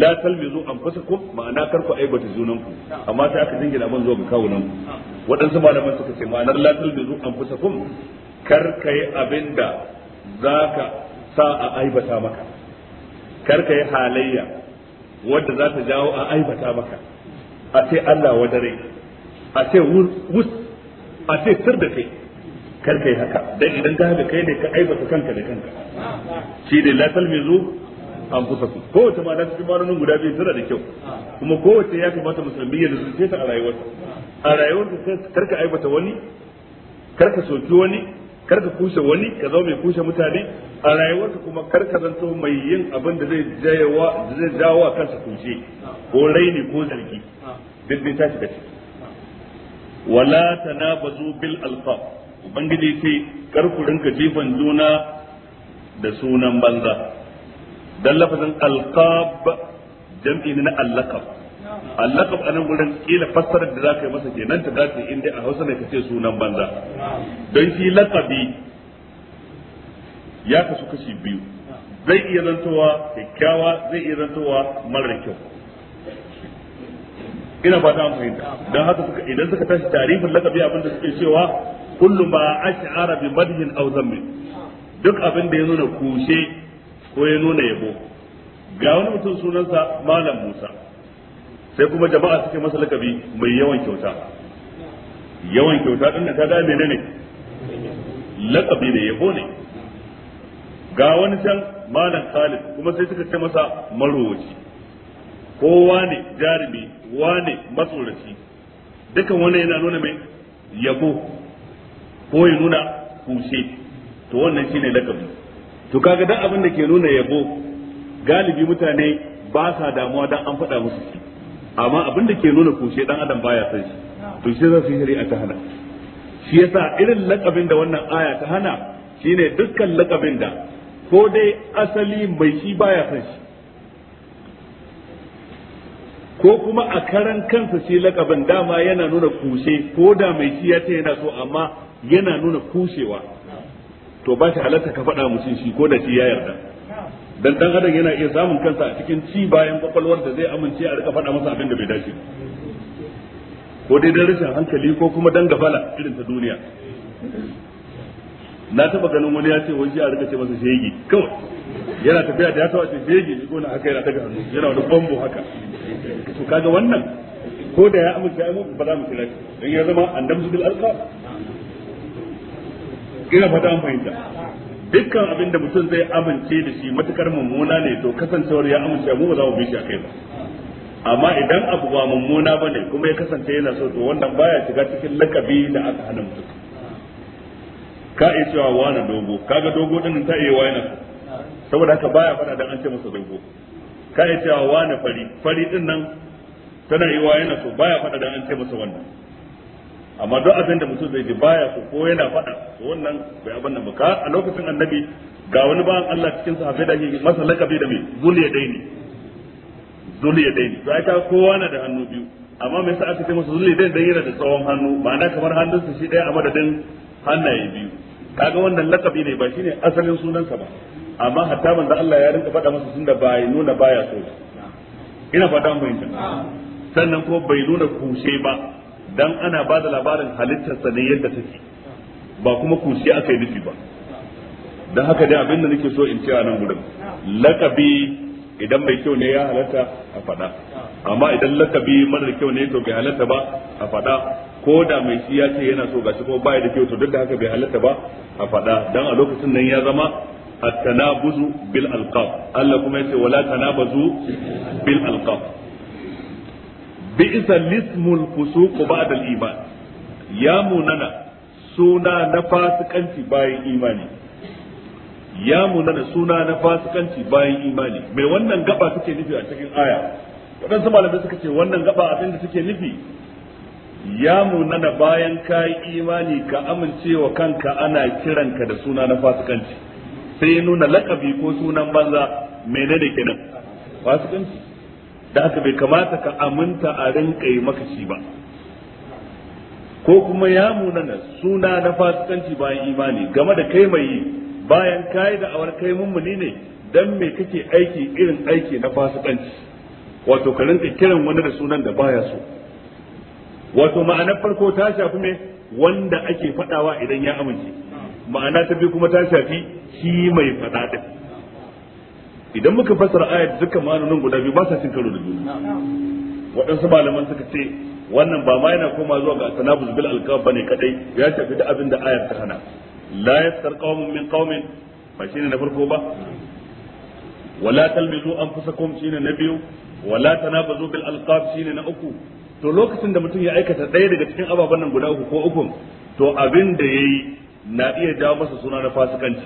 la talmizu anfusakum ma'ana kar ku aibata junanku amma sai aka jingina min zuwa ga kawunan ku waɗansu malaman suka ce ma'anar la talmizu anfusakum kar kai abinda za ka sa a aibata maka kar ka yi halayya wadda za ta jawo a aibata maka a ce Allah wadare a ce wus a ce sir da kai kar ka yi haka dan idan ka haka kai ne ka aibata kanka da kanka shi ne la talmizu an kusa ku kowace ma ta cikin marunin guda biyu tana da kyau kuma kowace ya kamata musulmi ya zuce ta a rayuwarsa a rayuwarsa karka aibata wani karka soki wani kar ka kushe wani ka zo mai kushe mutane a rayuwarka kuma kar ka zanto mai yin abin da zai jayawa zai jawo a kansa kushe ko raini ko zargi duk dai ta shiga ciki wala tanabazu bil alfab ubangiji ce kar ku rinka jifan juna da sunan banza dan lafazin alqab jam'i na allaqab allaqab anan gurin kila fassara da zaka yi masa kenan ta dace in dai a Hausa ne kace sunan banza don shi laqabi ya kasu kashi biyu zai iya zantowa kyakkyawa zai iya zantowa mara kyau ina ba ta fahimta don haka suka idan suka tashi tarifin laqabi abinda suke cewa kullu ma ash'ara bi madhin aw zammin duk abin da ya nuna kushe ko ya nuna yabo ga wani mutum sunansa malam Musa sai kuma jama'a suke masa lakabi mai yawan kyauta yawan kyauta din ta da menene lakabi ne yabo ne ga wani can malam Khalid kuma sai suka ce masa marowaci kowa ne jarumi wane matsuraci. dukan wani yana nuna mai yabo ko ya nuna kushe to wannan shine lakabi to kaga dan abin da ke nuna yabo galibi mutane ba sa damuwa dan an faɗa musu shi amma abin da ke nuna kushe dan adam baya san shi to shi zai shari'a ta hana shi yasa irin lakabin da wannan aya ta hana shine dukkan lakabin da ko dai asali mai shi baya san shi ko kuma a karan kansa shi lakabin dama yana nuna kushe ko da mai shi ya ce yana so amma yana nuna kushewa to ba shi halatta ka faɗa mutum shi ko da shi ya yarda dan dan adam yana iya samun kansa a cikin ci bayan kwakwalwar da zai amince a rika faɗa masa abin da bai dace ko dai dan rashin hankali ko kuma dan gafala irin ta duniya na taba ganin wani ya ce wani shi a rika ce masa shege kawai yana tafiya da ya taba ce shege shi gona haka yana daga hannu yana wani bambo haka to kaga wannan ko da ya amince ai ba za mu kira shi dan ya zama annabi bil alqa ina fata an fahimta dukkan abin da mutum zai amince da shi matukar mummuna ne to kasancewar ya amince mu ba za mu bi shi a kai ba amma idan abu ba mummuna ba ne kuma ya kasance yana so to wannan baya shiga cikin lakabi da aka hana mutum ka iya cewa wani dogo kaga dogo din ta iya wani saboda haka baya fara dan an ce masa dogo ka iya cewa wani fari fari din nan tana iya wani so baya fara dan an ce masa wannan amma duk abin da mutum zai ji baya ko ko yana faɗa to wannan bai abin da baka a lokacin annabi ga wani ba Allah cikin sahabbai da yake masa lakabi da mai zuliya daini zuliya daini to ta kowa na da hannu biyu amma me yasa aka ce masa zuliya dai dan yana da tsawon hannu ma'ana kamar su shi ɗaya a madadin hannaye biyu kaga wannan lakabi ne ba shine asalin sunansa ba amma hatta manzo Allah ya rinka faɗa masa tunda bai nuna baya so ina fata mun fahimta sannan ko bai nuna kushe ba dan ana ba da labarin halittarsa ne yadda take ba kuma kushi aka yi nufi ba dan haka dai abin da nake so in ce a nan gurin lakabi idan mai kyau ne ya halatta a faɗa amma idan lakabi marar kyau ne to bai halatta ba a faɗa ko da mai shi ya ce yana so gashi ko baya da kyau to duk da haka bai halatta ba a faɗa dan a lokacin nan ya zama at-tanabuzu bil alqab Allah kuma yace wala tanabazu bil alqab bi'sa lismul fusuq ba'da al-iman ya munana suna na fasikanci bayan imani ya munana suna na fasikanci bayan imani mai wannan gaba take nufi a cikin aya waɗansu malamai suka ce wannan gaba abin da suke nufi ya munana bayan kai imani ka amincewa kanka ana kiranka da suna na fasikanci sai ya nuna lakabi ko sunan banza menene kenan fasikanci da aka bai kamata ka aminta a rinka yi maka shi ba ko kuma ya munana suna na fasikanci bayan imani game da kai mai yi bayan kayi da awar kai mummuni ne dan me kake aiki irin aiki na fasikanci wato ka rinka kiran wani da sunan da baya so wato ma'anar farko ta shafi me wanda ake fadawa idan ya amince ma'ana ta biyu kuma ta shafi shi mai fada din idan muka fasara ayat dukkan ma'anonin guda biyu ba sa cin karo da juna waɗansu malaman suka ce wannan ba ma yana koma zuwa ga tanabuz bil alqab bane kadai ya tafi da abin da ayar ta hana la yasar qaumun min qaumin ba shine na farko ba wala talmizu anfusakum shine na biyu wala tanabazu bil alqab shine na uku to lokacin da mutum ya aikata ɗaya daga cikin ababen nan guda uku ko uku to abin da yayi na iya jawo masa suna na fasikanci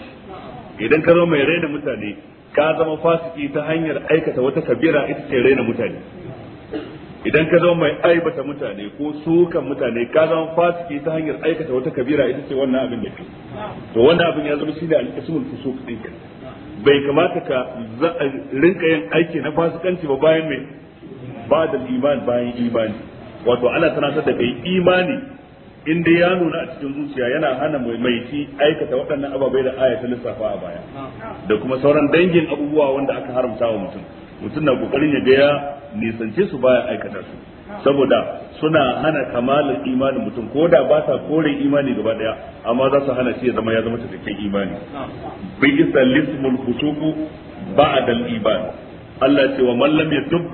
idan ka zo mai raina
mutane ka zama fasiki ta hanyar aikata wata kabira ita ce raina mutane idan ka zama mai aibata mutane ko sukan mutane ka zama fasiki ta hanyar aikata wata kabira ita ce wannan abin da ke to wannan abin ya zama shine al-ismul fusuq din bai kamata ka rinka yin aiki na fasikanci ba bayan mai ba da iman bayan imani wato ana tana da kai imani in dai ya nuna a cikin zuciya yana hana mai maiti aikata waɗannan ababai da aya ta lissafa a baya da kuma sauran dangin abubuwa wanda aka haramta wa mutum mutum na kokarin ya ga ya nisance su baya aikata su saboda suna hana kamalin imanin mutum ko da ba sa kore imani gaba daya amma za su hana shi ya zama ya zama cikakken imani bi isa lismul fusuku ba'da al-iman Allah ce wa man lam yatub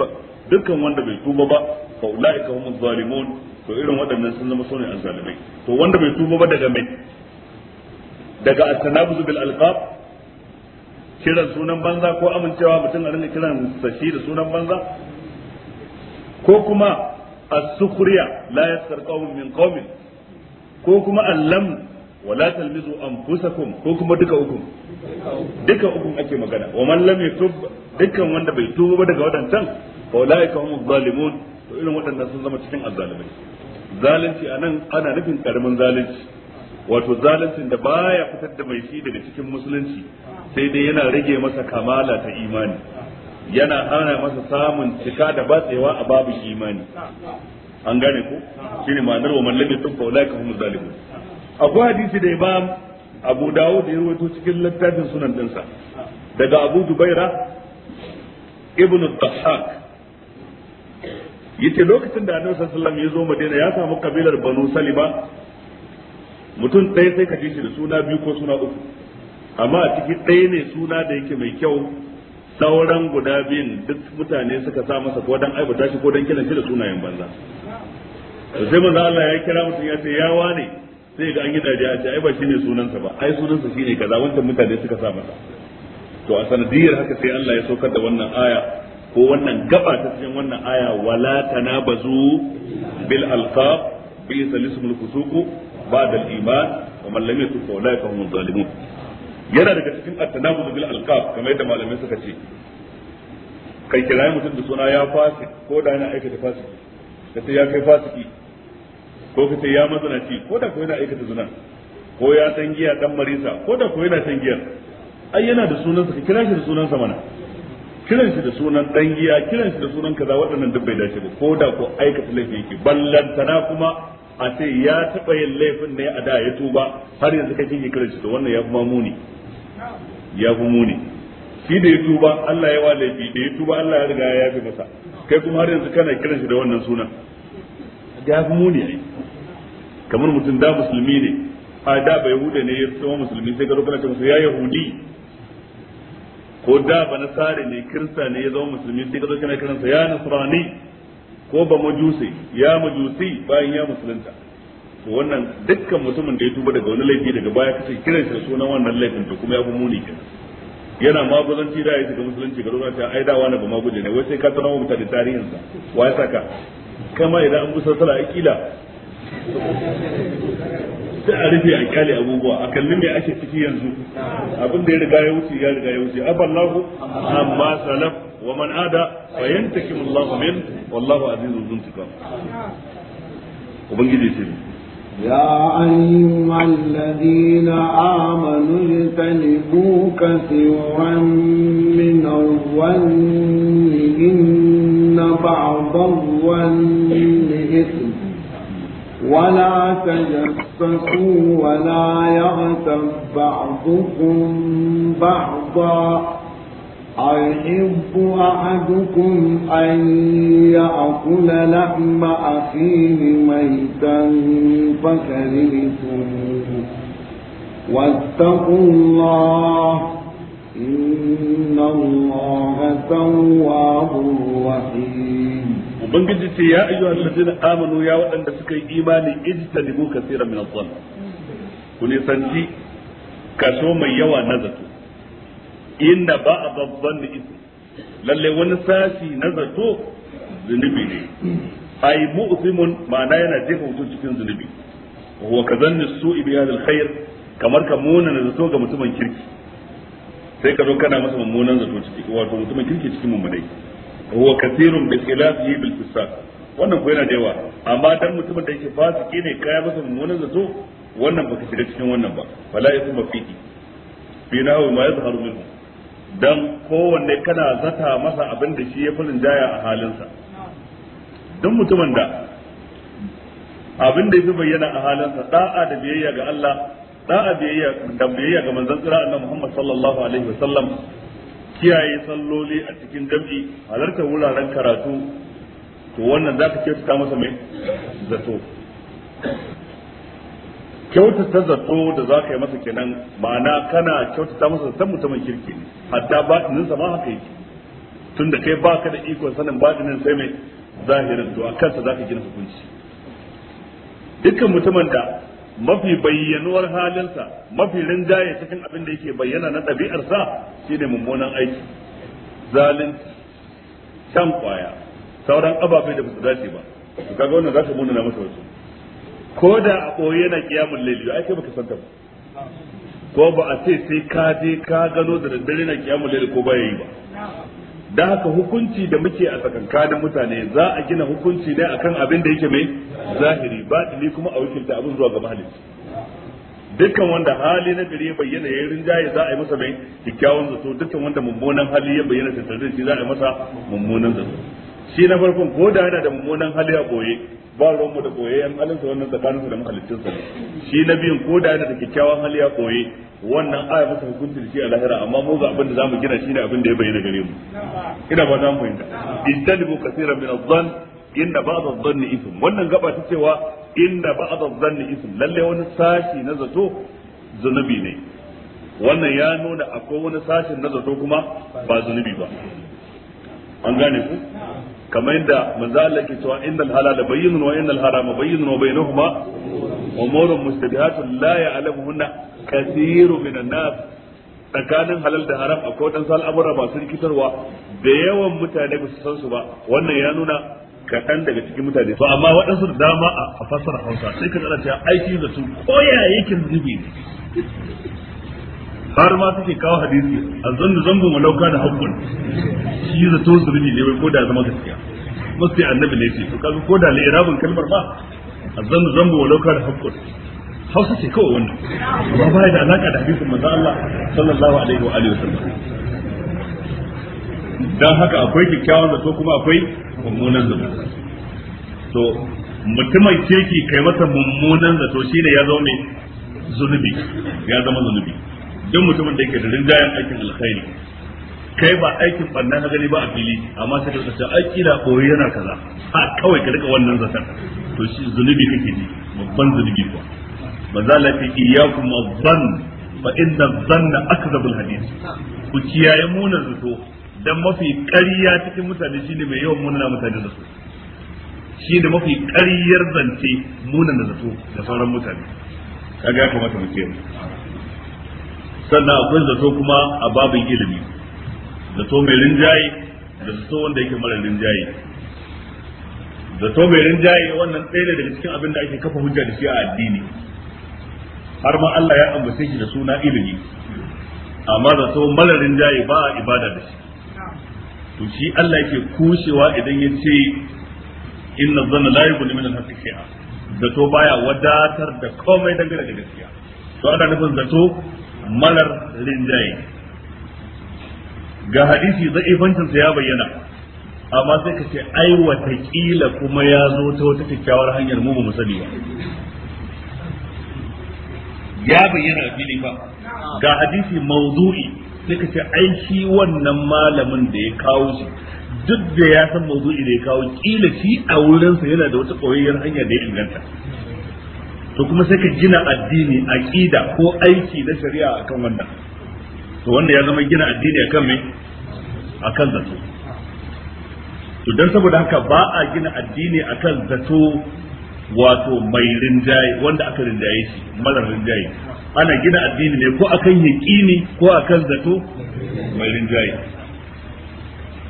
dukkan wanda bai tuba ba fa ulaika humuz zalimun to irin waɗannan sun zama an azzalimai to wanda bai tuba ba daga mai daga at-tanabuz bil alqab kiran sunan banza ko amincewa mutum a rinne kiran sashi da sunan banza ko kuma as-sukhriya la yasar qawmun min qawmin ko kuma allam wala talmizu anfusakum ko kuma duka ukun duka ukun ake magana wa man lam yatub dukkan wanda bai tuba ba daga wadancan fa ulaika humuz zalimun to irin waɗannan sun zama cikin azzalumai zalunci a nan ana nufin ƙaramin zalunci wato zaluncin da baya fitar da mai shi daga cikin musulunci sai dai yana rage masa kamala ta imani yana hana masa samun cika da batsewa a babu imani an gane ko ne ma'anar wa mallami tun fa ulaika hum zalimun akwai hadisi da ba abu dawud da ya rawaito cikin littafin sunan dinsa daga abu dubaira ibn dhahhak yace lokacin da annabi sallallahu alaihi wasallam ya zo madina ya samu kabilar banu saliba mutum ɗaya sai ka ji shi da suna biyu ko suna uku amma a ciki ɗaya ne suna da yake mai kyau sauran guda biyun duk mutane suka sa masa ko dan aibata shi ko dan kiran shi da sunayen banza to sai manzo Allah ya kira mutum ya ce yawa wane sai ga an yi dariya a ce ai ba shine sunansa ba ai sunansa shine kaza wancan mutane suka sa masa to a sanadiyar haka sai Allah ya saukar da wannan aya ko wannan gaba ta cikin wannan aya wala tanabazu bil alqab bi salismul fusuqu ba'da al iman wa man lam yatub fa ulaika humuz zalimun yana daga cikin at-tanabuz bil alqab kamar yadda malamai suka ce
kai kira mutum da suna ya
fasik ko da yana aikata fasiki ka ce ya kai fasiki ko ka ce ya mazanaci ko da ko yana aikata zina ko ya san giya dan marisa ko da ko yana san giya ai yana da sunansa ka kira shi da sunansa mana kiran shi da sunan dan giya kiran shi da sunan kaza waɗannan duk bai dace ba ko da ko aikata laifi yake ballantana kuma a ce ya taɓa yin laifin ne a da ya tuba har yanzu kai kike kiran shi to wannan ya kuma muni ya fi muni shi da ya tuba Allah ya wa laifi da ya tuba Allah ya riga ya yafe masa kai kuma har yanzu kana kiran shi da wannan sunan ya fi muni ne kamar mutum da musulmi ne a da bai hude ne ya zama musulmi sai ka zo kana ce masa ya yahudi ko da ba Sare ne kirsa ne ya zama musulmi sai ka zo kana kiransa ya nasrani ko ba majusi ya majusi bayan ya musulunta to wannan dukkan mutumin da ya tuba daga wani laifi daga baya kace kiran shi sunan wannan laifin to kuma ya bu muni kenan yana maguzanci da ya shiga musulunci ga zuwa ta ai da wani ba maguje ne wai sai ka sanar mutane tarihin sa wa ya saka kama idan an busa sala akila sai a rufe a kyale abubuwa a kallin me ake ciki yanzu abin da ya riga ya wuce ya riga ya wuce aballahu amma salaf wa man ada fa yantakimu Allahu min wallahu azizun zuntiqam ubangiji sai
يا أيها الذين آمنوا اجتنبوا كثيرا من الظن إن بعض الظن إثم ولا تجسسوا تُؤْفَكُوا وَلَا يَغْتَبْ بَعْضُكُمْ بَعْضًا أيحب أحدكم أن يأكل لحم أخيه ميتا فكرهتم واتقوا الله إن الله تواب
رحيم ubangiji ce ya ayyuhal ladina amanu ya waɗanda suka yi imani ijtanibu kaseeran min adh-dhann ku nisanci kaso mai yawa na zato inda ba a babban da isi lalle wani sashi na zato zunubi ne ai mu'zimun ma'ana yana jefa mutum cikin zunubi wa kazanni su'i bi hadal khair kamar ka munana zato ga mutumin kirki sai ka zo kana masa mummunan zato ciki wato mutumin kirki cikin mummunai هو كثير bil khilafi bil fisaq wannan ko yana da yawa amma dan mutumin da yake fasiki ne kai masa mummunan zato wannan baka shiga cikin wannan ba fala yasma fihi fi wa ma yadhharu minhu dan kowanne kana zata masa abin da shi ya fulin jaya a halinsa dan mutumin da abin da ya fi bayyana a halinsa da'a da biyayya ga Allah da'a biyayya da biyayya ga manzon Allah Muhammad sallallahu alaihi wasallam kiyaye salloli a cikin jam'i halarta wuraren karatu to wannan za ka kyautata masa mai zato kyautata zato da za ka yi masa kenan ma'ana kana kyautata masa san mutumin kirki ne hatta ba sa ma haka yake tun da kai ka da ikon sanin batinin sai mai zahirin to a kansa za ka gina hukunci dukkan mutumin da mafi bayyanuwar halinsa mafi rinjaye cikin abin da yake bayyana na ɗabi'arsa shine mummunan aiki zalunci shan kwaya sauran ababai da su dace ba su kaga wannan za ta munana masa wasu ko da a ɓoye na kiyamun laili ai kai baka santa ba ko ba a ce sai ka je ka gano da daddare na kiyamun laili ko ba ya yi ba da haka hukunci da muke a tsakankanin mutane za a gina hukunci ne akan abin da yake mai zahiri ba ni kuma a wakilta abin zuwa ga mahalicci dukkan wanda hali na gari ya bayyana ya rinjaye za a yi masa mai kyakkyawan zato dukkan wanda mummunan hali ya bayyana tattare shi za a yi masa mummunan zato shi na farkon ko da yana da mummunan hali a boye ba ruwan mu da boye yan halin sa wannan tsakanin sa da mahallicin sa shi na biyun ko da yana da kyakkyawan hali a boye wannan aya masa hukuncin shi a lahira amma mu ga abin da zamu gina ne abin da ya bayyana gare mu ina ba za mu fahimta istalibu kaseeran min adh-dhann inda ba'd adh-dhann ithm wannan gaba ta cewa inda ba'd adh-dhann ithm lalle wani sashi na zato zunubi ne wannan ya nuna akwai wani sashin na zato kuma ba zunubi ba an gane ku kamar yadda manzo Allah ke cewa innal halala bayyinun wa innal harama bayyinun wa bainahuma umurun mustabihatun la ya'lamuhunna kathirun minan nas tsakanin halal da haram akwai wadansu al'amura masu rikitarwa da yawan mutane ba su san su ba wannan ya nuna kaɗan daga cikin mutane to amma waɗansu da dama a fasara hausa sai ka tsara ta aiki da su ko ya yake zubi har ma suke kawo hadisi a azzannu zambun lauka da haqqun shi zato zulubi ne ko da zama gaskiya musti annabi ne ce to kaga koda ne irabin kalmar ba azzannu zambun lauka da haqqun hausa ce kawai wannan amma ba da alaka da hadisin manzo Allah sallallahu alaihi wa alihi wasallam dan haka akwai kikkiawan zato kuma akwai mummunan zato to mutumin keke kai masa mummunan zato shine ya zaune zunubi ya zama zunubi duk mutumin da yake da rinjayen aikin alkhairi kai ba aikin banna na gani ba a fili amma sai ka ce aiki na koyi yana kaza a kawai ka rika wannan zatar to shi zunubi kake ji babban zunubi ko za la fi iyyakum adh fa inna adh akdhabul hadith ku kiyaye munar zato dan mafi ƙarya cikin mutane shine mai yawan munana mutane zato shi da mafi ƙaryar zance munana zato da sauran mutane kaga ya kamata mu kiyaye sannan akwai zato kuma a babin ilimi zato mai rinjaye da zato wanda yake mara rinjaye zato mai rinjaye wannan ɗaya ne daga cikin abin da ake kafa hujja da shi a addini har ma Allah ya ambace shi da suna ilimi amma zato mara rinjaye ba a ibada da shi to shi Allah yake kushewa idan ya ce inna zanna la yubni min al-haqqi zato baya wadatar da komai dangane da gaskiya to ana nufin zato Malar rinjaye ga hadisi za'ifancin sa ya bayyana amma sai ka ce ai watakila kuma ya zo ta wata kyakkyawar hanyar mu mu sani ba ya bayyana a fili ba ga hadisi mawdu'i sai ka ce ai shi wannan malamin da ya kawo shi duk da ya san mawdu'i da ya kawo kila shi a wurinsa yana da wata koyayyar hanya da ya inganta to kuma sai ka gina addini aqida ko aiki na shari'a akan wannan to wanda ya zama gina addini akan me akan zato to dan saboda haka ba a gina addini akan zato wato mai rinjaye wanda aka rinjaye shi marar rinjaye ana gina addini ne ko akan yaqini ko akan zato mai rinjaye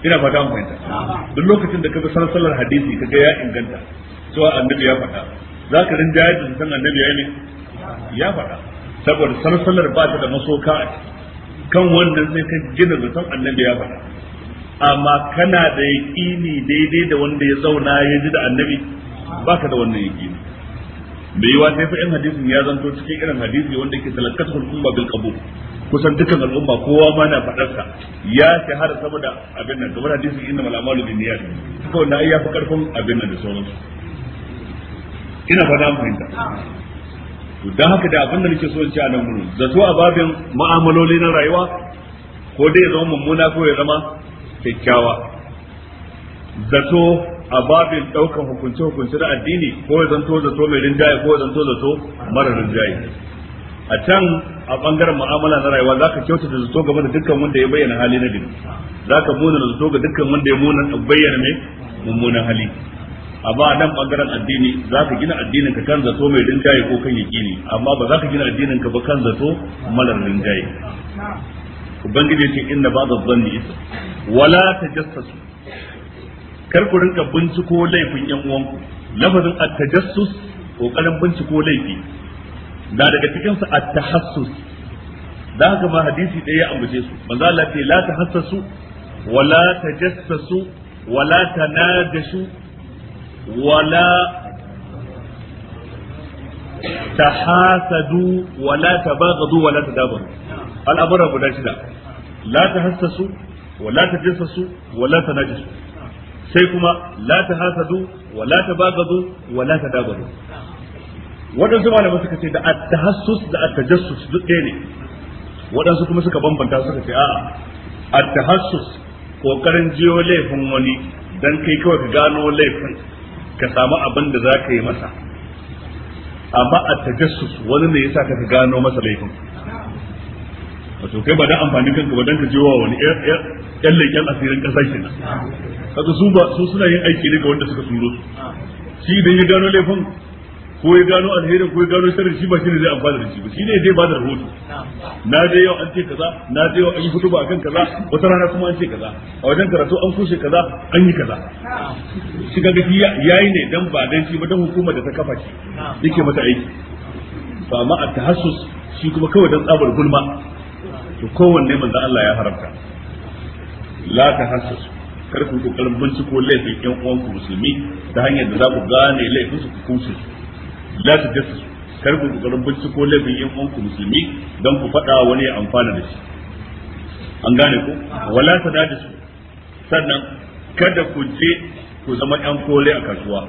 ina fata mun fahimta duk lokacin da ka bi sallar hadisi kaga ya inganta cewa annabi ya faɗa za ka rinja su san annabi ya ne ya faɗa saboda sarsalar ba ta da masoka a kan wannan zai kan gina zaton annabi ya faɗa amma kana da yaƙini daidai da wanda ya zauna ya ji da annabi ba ka da wannan yaƙini bai yi sai fa in hadisin ya zanto cikin irin hadisi wanda ke talakkatul umma bil qabul kusan dukkan al'umma kowa ma na faɗarsa ya shahara saboda abin nan kamar hadisin mal'amalu bin binniyat kawai na ya fi karfin abin nan da sauransu ina da mu fahimta to dan haka da abin da nake so in ci a nan gurin zato a babin ma'amaloli na rayuwa ko dai ya zama mummuna ko ya zama kyakkyawa zato a babin daukan hukunce hukunce na addini ko ya zanto zato mai rinjaye ko ya zanto zato mara rinjaye a can a bangaren mu'amala na rayuwa zaka kyautata zato game da dukkan wanda ya bayyana hali na gari zaka muna zato ga dukkan wanda ya muna bayyana mai mummunan hali amma a nan bangaren addini za ka gina addinin ka kan zato mai rinjaye ko kan yakini amma ba za ka gina addinin ka ba kan zato malar rinjaye ubangiji ya ce inna ba zabban ni isa wala ta tajassasu kar ku rinka binciko laifin yan uwanku lafazin at-tajassus kokarin binciko laifi da daga cikin su at-tahassus da haka ma hadisi ɗaya ya ambace su manzo Allah ce la tahassasu wala tajassasu wala tanajashu ولا تحاسدوا ولا تباغضوا ولا تدابروا الأمر أبو ناشدة لا تحسسوا ولا تجسسوا ولا تنجسوا سيكما لا تحاسدوا ولا تباغضوا ولا تدابروا waɗansu malamai suka ce da at-tahassus da at-tajassus duk ɗaya ne waɗansu kuma suka bambanta suka ce a'a at-tahassus kokarin jiyo laifin wani dan kai kawai ka gano laifin ka samu abin da za ka yi masa amma a tajassus wani ne yasa ka gano masa laifin wato kai ba da amfani kanka ba dan ka je wa wani yan leƙen asirin ƙasa kenan kaga su ba su suna yin aiki ne ga wanda suka turo su shi idan ya gano laifin ko ya gano alherin ko ya gano sharri shi ba shine zai amfana da shi ba shine zai bada rahoto na je yau an ce kaza na je yau an yi hutuba akan kaza wata rana kuma an ce kaza a wajen karatu an kushe kaza an yi kaza shi ga gaji yayi ne dan ba dan shi ba dan hukuma da ta kafa shi yake mata aiki to amma a tahassus shi kuma kawai dan tsabar gulma to kowanne manzo Allah ya haramta la tahassus kar ku kokarin binciko laifin yan uwanku musulmi ta hanyar da za ku gane laifin su ku kushe la su kar ku kokarin ko laifin yan uwanku musulmi don ku faɗa wani ya amfana da shi an gane ku wala ta su. sannan kada ku je ku zama yan kole a kasuwa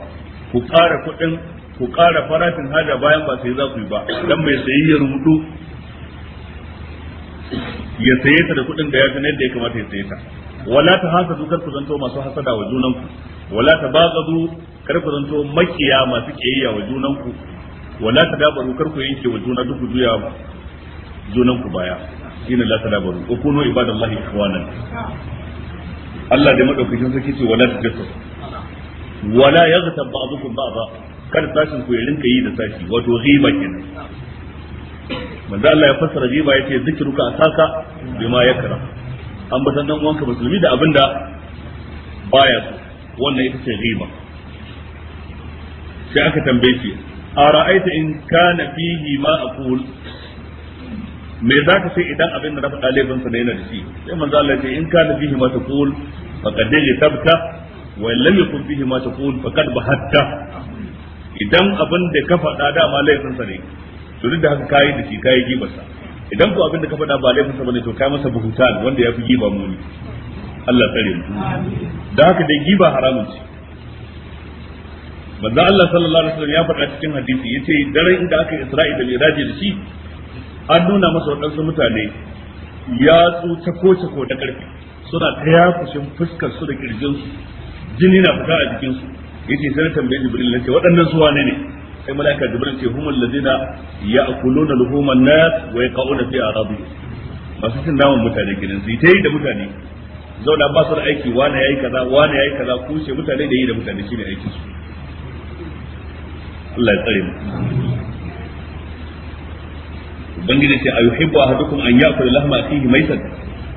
ku ƙara kuɗin ku ƙara farashin hada bayan ba sai za ku yi ba dan mai sayi ya rubutu ya saye ta da kuɗin da ya fi yadda ya kamata ya saye ta wala ta hasa dukar ku zanto masu hasada wa junanku wala ta tabagadu kar ku zanto makiya masu kiyayya wa junanku ku wala tadabaru kar ku yanke wa juna duk juya junanku baya shine la dabaru ko kuno ibadallahi ikhwanan Allah da madaukakin sarki ce wala tajassus wala yaghtab ba'dukum ba'dha kar sashin ku ya rinka yi da sashi wato ghiba kenan manzo Allah ya fassara ghiba yace zikruka asaka bima yakra an batan dan uwanka musulmi da abinda baya so wannan ita ce riba sai aka tambaye shi a ra'aita in kana fihi ma aqul me za ka ce idan abin da na faɗa laifin sa yana da shi sai manzo Allah ya ce in kana fihi ma taqul faqad tabta wa lam yakun fihi ma taqul faqad bahatta idan abin da ka faɗa dama laifin sa ne to duk da haka kayi da shi kayi gibarsa idan ko abin da ka faɗa ba laifin sa bane to kai masa buhutan wanda ya fi giba muni Allah tare mu da haka dai giba haramun ce manzo Allah sallallahu alaihi wasallam ya faɗa cikin hadisi yace dare inda aka Isra'i da Miraji da shi an nuna masa waɗansu mutane ya ta tako ko da karfi suna ta kushin fuskar su da kirjin su jini na fita a jikin su yace sai tambaye Jibril yace waɗannan su wane ne sai malaika Jibril ce humul ladina ya'kuluna luhuman nas wa yaqauna fi arabi masu cin naman mutane gidan su yi ta yi da mutane zauna ba su da aiki wane yayi kaza wane yayi kaza kushe mutane da yi da mutane shine aikin su Allah ya tsare mu ubangiji ce a yuhibbu ahadukum an ya'kula lahma mai maitan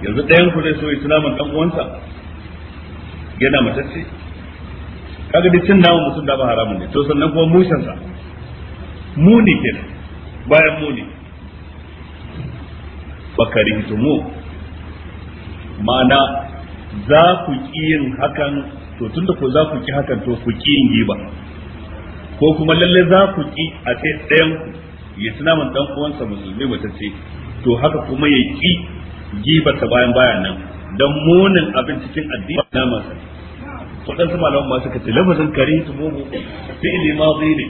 yanzu ɗayan ku zai so ya man dan uwansa yana matacce kaga da cin namun mutum da ba haramun ne to sannan kuma mushen sa muni ke bayan muni bakari hitumu ma'ana za ku ƙi yin hakan to tunda ko za ku ƙi hakan to ku ƙi yin giba ko kuma lalle za ku ƙi a ce ɗayan ku ya tuna man dan uwansa musulmi ce to haka kuma ya ƙi giba ta bayan bayan nan dan munin abin cikin addini na masa waɗansu malaman ba suka ce lafazin kare su mugu fi'ili mazi ne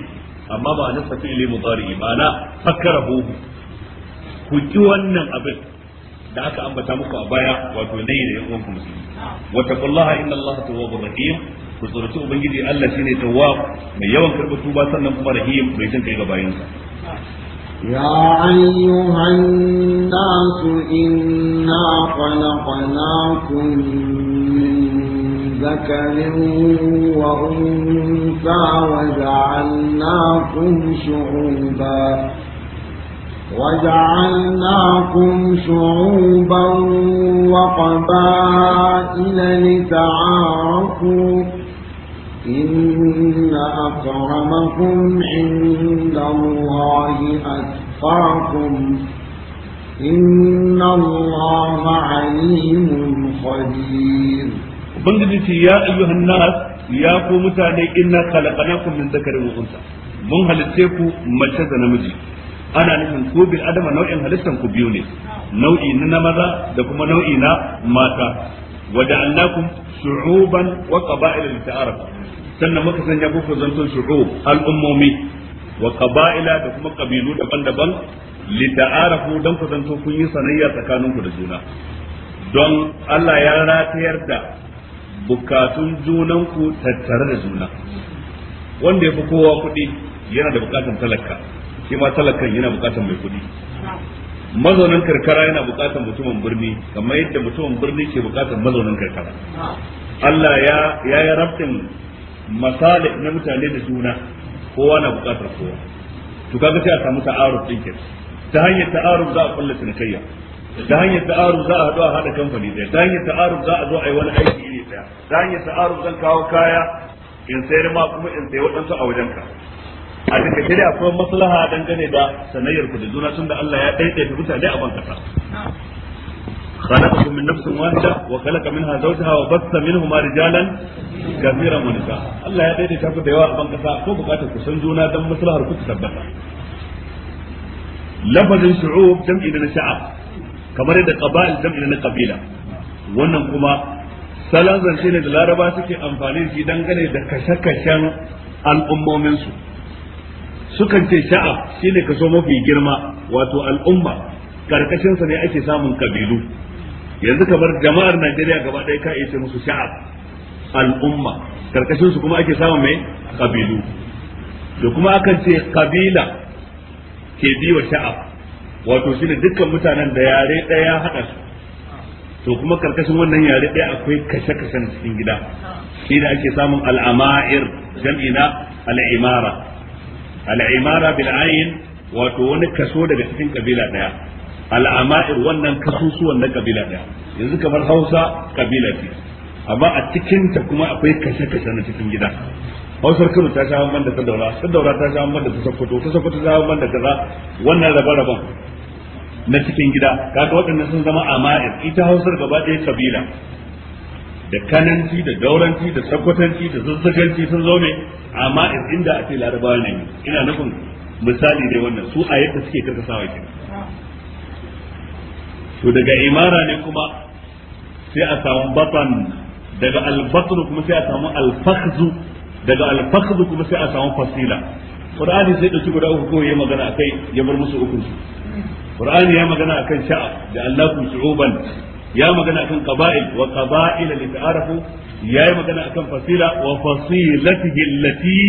amma ba a nasa fi'ili mudari ma'ana fakkara hu ku ƙi wannan abin da aka ambata muku a baya wato nayi da yan uwanku musulmi wa taqullaha inna allaha tawwabur rahim ku tsoraci ubangiji Allah shine tawwab mai yawan karɓar tuba sannan kuma rahim mai jin kai ga bayansa
يا أيها الناس إنا خلقناكم من ذكر وأنثى وجعلناكم شعوبا وجعلناكم شعوبا وقبائل لتعارفوا إن أكرمكم عند الله أتقاكم إن الله عليم خبير بنجدتي يا أيها
الناس يا قوم إنا خلقناكم من ذكر وأنثى من هل تيكو مشى نمجي ana nufin ku bil adama nau'in halittan ku biyu ne nau'i na maza da kuma nau'i na mata wa ja'alnakum shu'uban wa qaba'ila lita'arafu sannan muka sanya ku ku zanto shu'ub al'ummomi wa qaba'ila da kuma kabilu daban-daban lita'arafu dan ku zanto kun yi sanayya tsakaninku da juna don Allah ya ratayar da bukatun junanku tattare da juna wanda ya fi kowa kuɗi yana da bukatun talaka shi ma talakan yana bukatan mai kuɗi mazaunin karkara yana bukatan mutumin birni kamar yadda mutumin birni ke bukatan mazaunin karkara Allah ya ya yi rafin masali na mutane da juna kowa na bukatar kowa to kaga sai a samu ta'aruf din ke ta hanyar ta'aruf za a kulla cinikayya ta hanyar ta'aruf za a haɗu a haɗa kamfani ɗaya ta hanyar ta'aruf za a zo a yi wani aiki iri ɗaya ta hanyar ta'aruf zan kawo kaya in sayar ma kuma in sayi waɗansu a wajenka a cikin a kuma maslaha dangane da sanayyar ku da juna tun da Allah ya daidaita mutane a ban kasa khalaqakum min nafsin da, wa kala khalaqa minha zawjaha wa batta minhuma rijalan kathiran wa nisaa Allah ya daidaita ku da yawa a ban ko buƙatar ku san juna don maslahar ku ta tabbata lafazin shu'ub jam'i na sha'a kamar yadda qaba'il jam'i na ƙabila, wannan kuma salan zance ne da laraba suke amfani shi dangane da kashe-kashen al'ummominsu su sukan ce sha'ab shine kaso mafi girma wato al'umma karkashin sa ne ake samun kabilu yanzu kamar jama'ar Najeriya gaba ɗaya ka iya ce musu sha'af al'umma karkashin su kuma ake samun mai kabilu da kuma akan ce kabila ke biwa sha'af wato shine dukkan mutanen da yare ɗaya haɗa su to kuma karkashin wannan yare ɗaya akwai kashe-kashen cikin gida shi da ake samun al'ama'ir jam'ina al'imara al'imara bil ayin wato wani kaso daga cikin kabila daya al'ama'ir wannan kasusuwan na kabila ɗaya. yanzu kamar hausa kabila ce amma a cikinta kuma akwai kashe-kashe na cikin gida hausar kano ta sha hamman da ta daura ta sha hamman da ta sokoto ta sokoto ta sha da kaza wannan rabe-raben na cikin gida kaga waɗannan sun zama ama'ir ita hausar gaba ɗaya kabila da kananci da dauranci da sakwatanci da zazzaganci sun zo ne amma inda ake ce larabawa ne ina nufin misali ne wannan su a yadda suke karkasawa ke to daga imara ne kuma sai a samu batan daga albatru kuma sai a samu alfakhzu daga alfakhzu kuma sai a samu fasila qur'ani sai dauki guda uku ko ya magana akai ya bar musu uku qur'ani ya magana akan sha'ab da allakum shu'uban ya magana akan qaba'il wa qaba'il li ta'arafu ya yi magana akan fasila wa fasilatihi allati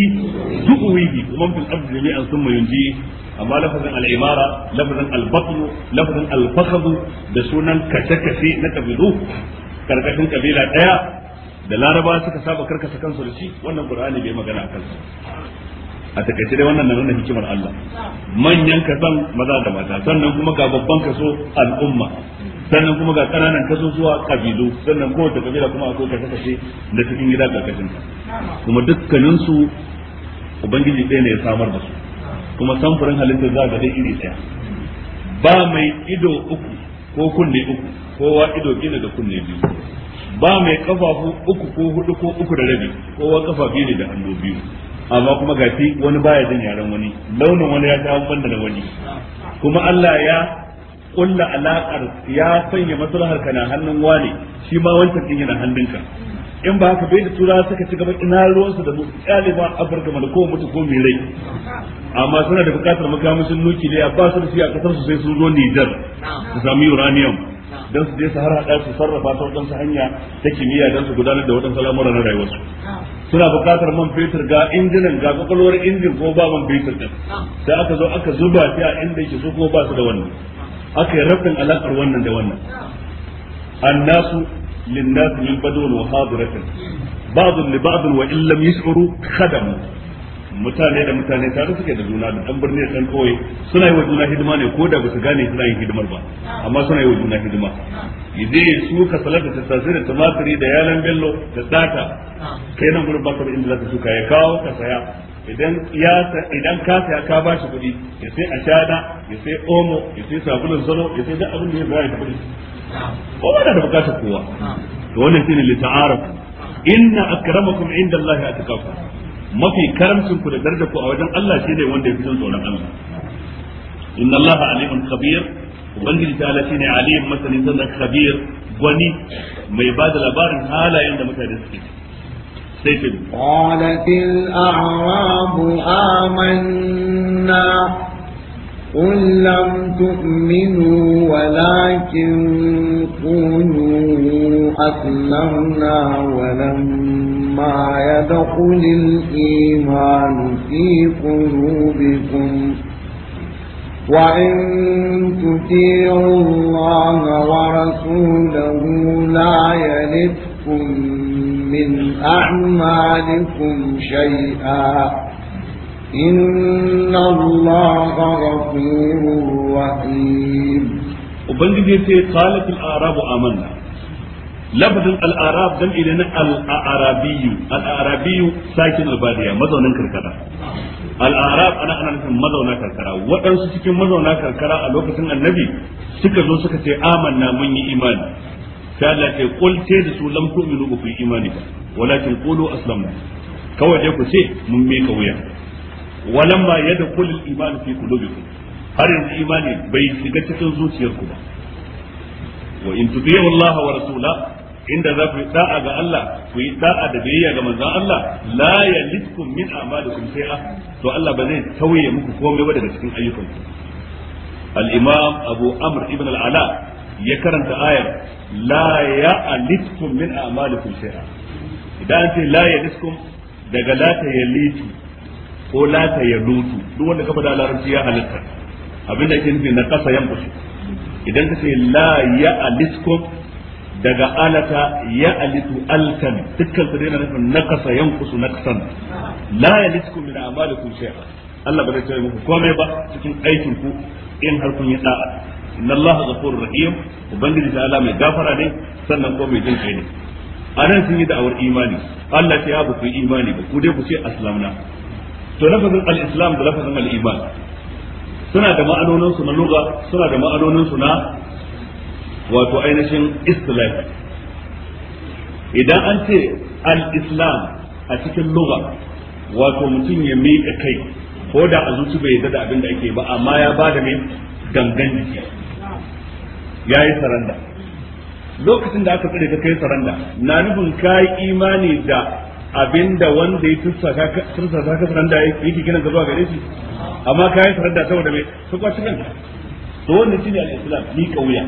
tu'wihi wa man fil ardi jami'an thumma yunji amma lafazin al-imara lafazin al-batn lafazin al-fakhd da sunan kace-kace na kabilu karkashin kabila daya da laraba suka saba karkasa kansu da shi wannan qur'ani bai magana akan su a takaice dai wannan na nuna hikimar Allah manyan kasan maza da mata sannan kuma ga babban kaso al'umma sannan kuma ga kaso zuwa kabilu sannan kowace kabila kuma akwai kashe-kashe da cikin gida karkashin ta kuma su ubangiji ɗaya ne ya samar da su kuma samfurin halittar za ga dai iri ɗaya ba mai ido uku ko kunne uku kowa ido gina da kunne biyu ba mai kafafu uku ko hudu ko uku da rabi kowa kafa biyu ne da hannu biyu amma kuma gafi wani baya jin yaren wani launin wani ya ta banda da wani kuma Allah ya kulla alaƙar ya sanya maslahar ka na hannun wane shi ma wancan din yana ka. in ba haka bai da tura suka ci gaba ina ruwansu da mu ɗaliban afirka mana ko mutu ko mai rai amma suna da buƙatar makamashin nukiliya ba su da shi a kasar su sai sun zo Nijar su sami uranium don su je su har haɗa su sarrafa ta waɗansu hanya ta kimiyya don su gudanar da waɗansu al'amura na rayuwarsu suna buƙatar man fetur ga injinan ga kwakwalwar injin ko ba man fetur din sai aka zo aka zuba shi a inda yake su ko ba su da wannan aka yi rabin alaƙar wannan da wannan annasu linnasu min badun wa hadiratin ba'd li ba'd wa illam yi yash'uru khadamu mutane da mutane tare suke da juna da dan birni da kawai kauye suna yi wa juna hidima ne ko da ba su gane suna yin hidimar ba amma suna yi wa juna hidima yaje su ka salata ta tasiri tumatiri da yalan bello da data kai nan gurin ba ka inda zaka suka ya kawo ka saya idan ya idan ka saya ka ba shi kuɗi ya sai a shada ya sai omo ya sai sabulun zano ya sai duk abin da ya bayar da kuɗi kowa na da bukatar kowa to wannan shine li ta'arafu inna akramakum inda Allah ya atqakum mafi karamcin ku da darajar ku a wajen Allah shine wanda ya fi son tsoron Allah inna Allah alimun khabir ubangiji ta Allah shine alim masanin sannan khabir gwani mai ba da labarin halayen da mutane suke
قالت الأعراب آمنا قل لم تؤمنوا ولكن كونوا أسلمنا ولما يدخل الإيمان في قلوبكم وإن تطيعوا الله ورسوله لا يلدكم من أعمالكم شيئا إن الله غفور رحيم وبنجي قالت
الأعراب آمنا لفظ الأعراب دم إلينا الأعرابي الأعرابي ساكن البادية ماذا ننكر كذا
al'arab
ana ana nufin mazauna karkara waɗansu cikin mazauna karkara a lokacin annabi suka zo suka ce amanna mun yi imani sai Allah ce qul ce da su lam tu'minu ba imani ba walakin qulu aslamna kawai dai ku ce mun mika wuya walamma yadkhul al-iman fi qulubikum har yanzu imani bai shiga cikin zuciyarku ba wa in tuti'u Allah wa rasula inda za ku yi da'a ga Allah ku yi da'a da biyayya ga manzon Allah la yalitkum min a'malikum shay'a to Allah ba zai tauye muku komai ba daga cikin ayyukanku al-imam Abu Amr ibn al-Ala ya karanta ayar la ya ya'alitkum min a'malikum shay'a idan an ce la ya ya'alitkum daga la ta yalitu ko la ta yalutu duk wanda kafa da larabci ya halitta abin da ke nufi na kasa yambashi idan ka ce la ya ya'alitkum daga alata ya alitu alkan dukkan su daina nufin nakasa yankusu nakasan la ya yalitkum min a'malikum shay'a Allah ba zai tare muku komai ba cikin aikin ku in har kun yi da'a inna allaha ghafurur rahim ubangiji ta ala mai gafara ne sannan ko mai jin kai ne anan sun yi da'awar imani Allah ta ya ba ku imani ba ku ku to da suna da ma'anonin su na lugha suna da ma'anonin su na wato ainihin istilahi idan an ce al-islam a cikin lugha wato mutum ya miƙa kai ko da a zuci bai yarda da abin da ake ba amma ya ba da mai gangan jiki ya yi saranda lokacin da aka tsare ka kai saranda na nufin ka yi imani da abinda wanda ya tursa ka saranda yake kikinan ka zuwa gare shi amma ka yi saranda saboda mai su kwaci kanka to wanda shi ne islam ni kauya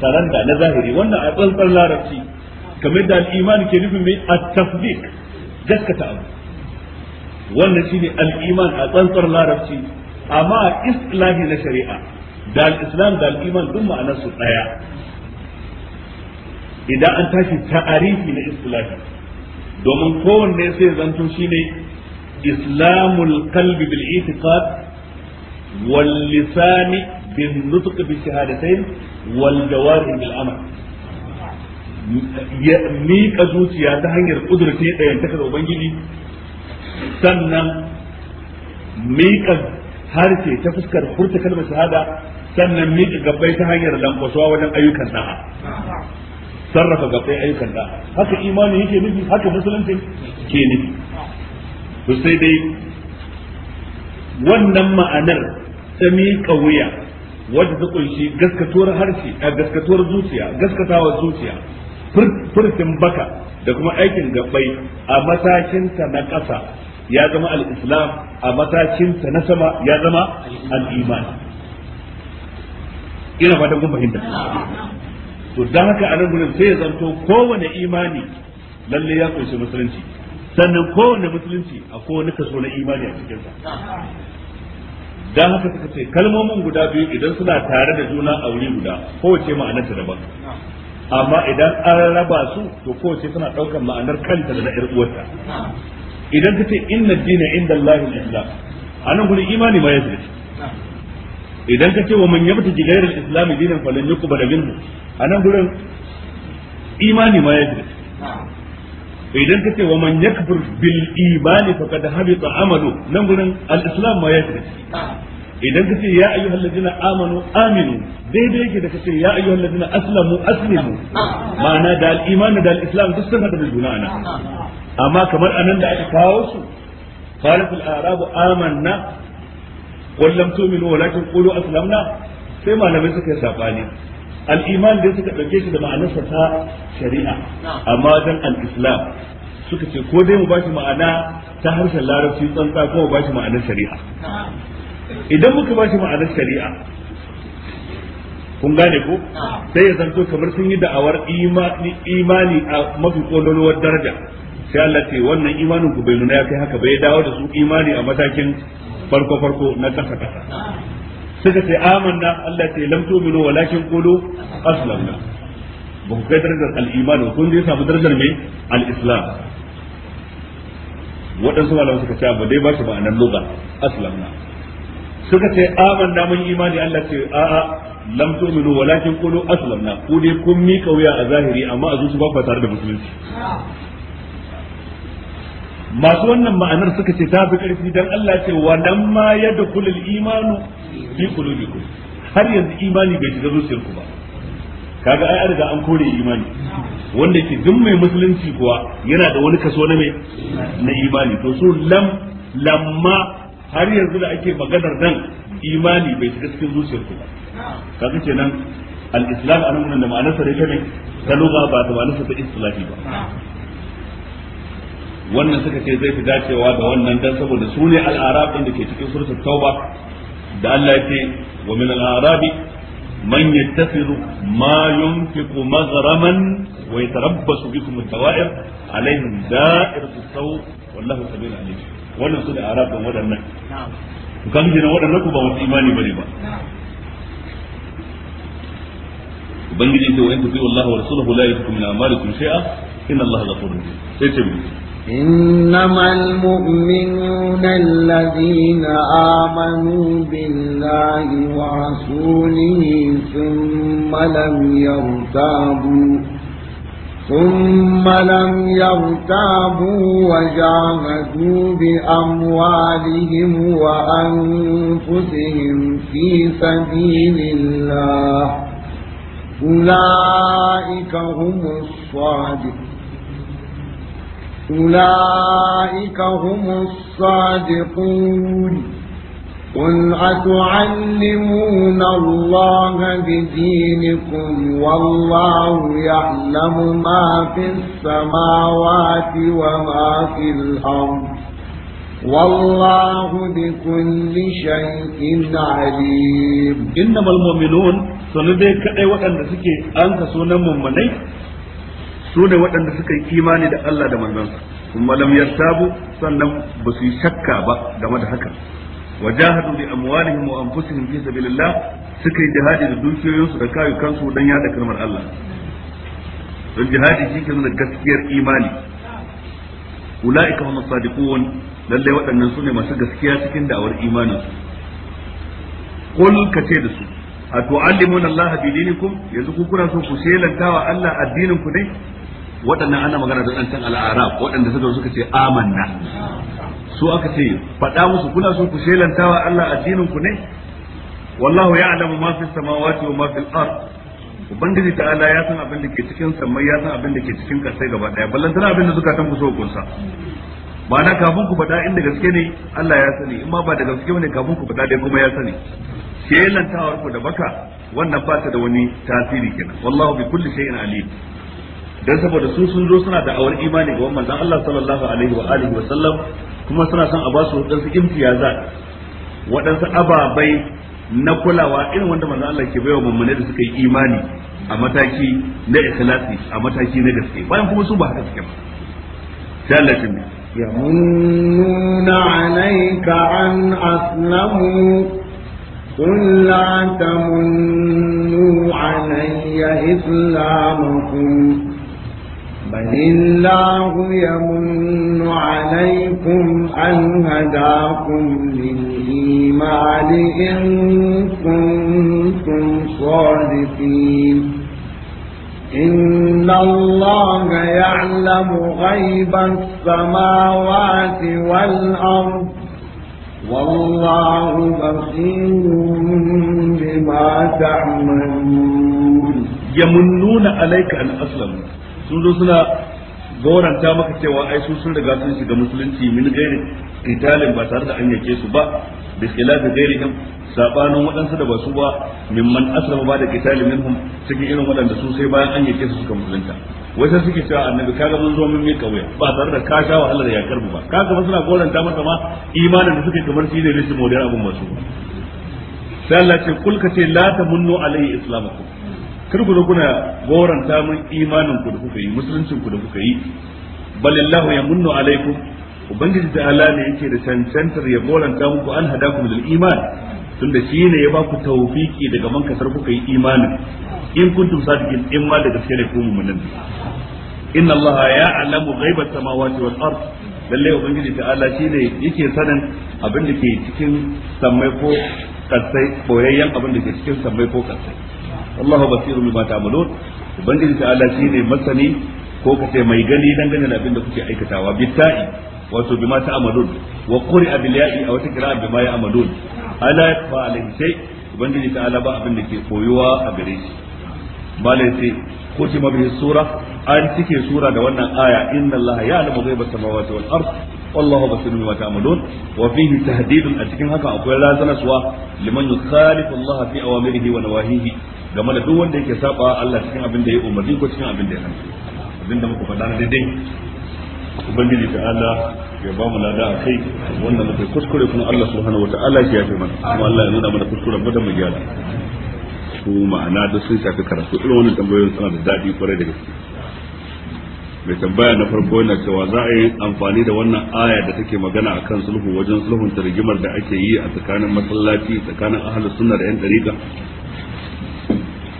saranda na zahiri wannan a tsantsar larabci kamar da al'iman ke nufin mai a tasdiq gaskata abu wannan shi ne al'iman a tsantsar larabci amma islahi na shari'a da al-islam da al-iman duk ma'anar su daya idan an tashi ta'arifi na islahi domin kowanne sai zanto shine islamul qalbi bil i'tiqad wal lisani bin nutq bi shahadatayn wal jawarih bil amal ya miƙa zuciya ta hanyar kudurce ɗayan ta da ubangiji sannan miƙa harshe ta fuskar furta kalmar shahada sannan miƙa gabbai ta hanyar lankwasuwa wajen ayyukan da'a sarrafa gabbai ayyukan da'a haka imani yake nufi haka musulunci ke nufi to sai dai wannan ma'anar ta miƙa wuya wadda ta kunshi gaskatuwar harshe a gaskatuwar zuciya gaskatawa zuciya furfin baka da kuma aikin gabbai a matakinta na ƙasa ya zama al a matakinta na sama ya zama al ina fatan kun fahimta to dan haka anan gurin sai ya zanto kowane imani lalle ya kunshi musulunci sannan kowane musulunci akwai wani kaso na imani a cikin sa dan haka suka ce kalmomin guda biyu idan suna tare da juna a wuri guda kowace ta daban amma idan an raba su to kowace suna ɗaukar ma'anar kanta da na ƴar uwarta idan ka ce inna dina inda Allah islam a nan gurin imani ma ya idan ka ce wa man yabta gairar islam dinan falan yuqbal minhu nan gurin imani ma ya idan ka ce wa man yakfur bil imani faqad habita amalu nan gurin al islam ma ya idan ka ce ya ayyuhal ladina amanu aminu daidai yake da ka ce ya ayyuhal ladina aslamu aslimu ma'ana da al imani da al islam duk sun hada da juna ana amma kamar anan da aka kawo su qalat al arabu amanna qul min tu'minu walakin qulu aslamna sai malamai suka yi sabani al-iman suka ɗauke shi da ma'anarsa ta shari'a amma dan al-islam suka ce ko dai mu bashi ma'ana ta harshen larabci tsantsa ko mu bashi ma'anar shari'a idan muka bashi ma'anar shari'a kun gane ko sai ya zanto kamar sun yi da'awar imani a mafi kololuwar daraja sai Allah ce wannan imanin ku bai nuna ya kai haka bai dawo da su imani a matakin farko farko na kasa kasa suka ce amanna Allah ce lam tu'minu walakin qulu aslamna ba ku kai darajar al-iman ba kun je samu darajar mai al-islam waɗansu malamai suka ce ba dai ba shi ma'anar lugha aslamna suka ce amanna mun imani Allah ce a'a lam tu'minu walakin qulu aslamna ku dai kun mika wuya a zahiri amma a zuciya ba ku tare da musulunci masu wannan ma'anar suka ce ta fi ƙarfi dan Allah ce wa nan ma da al-imanu bi qulubikum har yanzu imani bai shiga zuciyarku ba kaga ai an riga an kore imani wanda ke duk mai musulunci kuwa yana da wani kaso na mai na imani to su lam lamma har yanzu da ake maganar nan imani bai shiga cikin zuciyarku ba kaga kenan al-islam anan nan da ma'anarsa da ta ne ta lugha ba ta ma'anarsa ta istilahi ba wannan suka ce zai fi dacewa da wannan dan saboda su ne al'arab din da ke cikin suratul tauba da Allah ya ce wa min al'arabi man yattakhidhu ma yunfiqu maghraman wa yatarabbasu bikum ad-dawa'ir alaihim da'iratu sau. wallahu sabil alim wannan su da arab din wadannan kan jina wadannan ku ba wasu imani bane ba ubangiji ce wa in tufi wallahi wa rasuluhu la yatukum min amalikum shay'a inna allaha ghafurur rahim sai ce
إنما المؤمنون الذين آمنوا بالله ورسوله ثم لم يرتابوا ثم لم يرتابوا وجاهدوا بأموالهم وأنفسهم في سبيل الله أولئك هم الصادقون أولئك هم الصادقون قل أتعلمون الله بدينكم والله يعلم ما في السماوات وما في الأرض والله بكل شيء عليم إنما المؤمنون سندي كأي وأن سكي أنت
سنة مؤمنين su ne waɗanda suka yi imani da Allah da manzansa kuma lam yartabu sannan ba su yi shakka ba game da haka wajahadu bi amwalihim wa anfusihim fi sabilillah suka yi jihadi da dukiyoyinsu da kayukansu dan yada kalmar Allah don jihadi shi ke nuna gaskiyar imani ula'ika hum sadiqun lalle waɗannan sune masu gaskiya cikin da'awar imanin su qul ka ce da su atu'allimuna Allah bi dinikum yanzu ku kuna so ku shelantawa Allah addinin ku ne waɗannan ana magana da ɗancan al'arab waɗanda suka suka ce amanna su aka ce faɗa musu kuna so ku shelantawa Allah addinin ku ne wallahu ya'lamu ma fi samawati wa ma fil ard ubangiji ta'ala ya san abin da ke cikin samai ya san abin da ke cikin ƙasai gaba ɗaya ballan tana abin da suka tan ku so kunsa ba na kafin ku faɗa inda gaske ne Allah ya sani in ma ba da gaske ne kafin ku faɗa dai kuma ya sani shelantawar ku da baka wannan ba ta da wani tasiri kenan wallahu bi kulli shay'in alim dan saboda su sun zo suna da awar imani ga manzon Allah sallallahu alaihi wa alihi wa sallam kuma suna son a ba su wadansu imtiyaza wadansu ababai na kulawa irin wanda manzon Allah ke baiwa mummune da suka yi imani a mataki na ikhlasi a mataki na gaske bayan kuma su ba haka suke ba sallatin
يمنون عليك أن أسلموا قل لا تمنوا علي إسلامكم بل الله يمن عليكم أن هداكم للإيمان إن كنتم صادقين إن الله يعلم غيب السماوات والأرض والله بصير بما تعملون يمنون عليك أن أسلموا sun zo suna goranta maka cewa ai su sun riga sun
shiga musulunci min gairi italin ba tare da an yake su ba bi khilafi kam sabanin waɗansu da ba su ba mimman asra ba da qitalin minhum cikin irin waɗanda su sai bayan an yake su suka musulunta Wai sai suke cewa annabi kaga mun zo mun mi kauye ba tare da ka sha wahalar yakar mu ba kaga suna goranta maka ma imanin da suke kamar shi ne rashin modiyar abun masu sai Allah ce kul kace la tamunnu alai islamakum kar ku zo kuna goranta mun imanin ku da kuka yi musuluncin ku da kuka yi balillahu yamunnu alaikum ubangiji da ala ne yake da cancantar ya goranta muku an hadakum lil iman tunda shi ne ya baku tawfiki daga man kuka yi imanin in kuntum sadiqin in ma da gaske ne ku mu'minin inna allaha ya'lamu ghaibat samawati wal ard lalle ubangiji ala shi ne yake sanin abin da ke cikin sammai ko kasai boyayyen abin da ke cikin sammai ko kasai Allahu basiru bima ta'malun ubangiji ta Allah shine masani ko kace mai gani dangane da abin da kuke aikatawa bitai wato bima ta'malun wa qur'a bil ya'i aw takra bima ya'malun ala fa alayhi shay ubangiji ta Allah ba abin da ke koyuwa a gare shi malai sai kutima bihi sura an cike sura da wannan aya inna allaha ya'lamu ghaiba samawati wal ard wallahu basirun bima ta'malun wa fihi a cikin haka akwai razanaswa liman yukhalifu allaha fi awamirihi wa game da duk wanda yake saba Allah cikin abin da ya umarni ko cikin abin da ya hanzu abin da muka faɗa na daidai ubangiji ta ala ya ba mu lada a kai wanda muka kuskure kuma Allah subhanahu wataala ya yafe mana kuma Allah ya nuna mana kuskuren mu da mu gyara su ma'ana da sun shafi karatu irin wannan tambayoyin suna da daɗi kwarai da gaske mai tambaya na farko yana cewa za a yi amfani da wannan aya da take magana a kan sulhu wajen sulhun rigimar da ake yi a tsakanin masallaci tsakanin ahalus sunna da yan dariƙa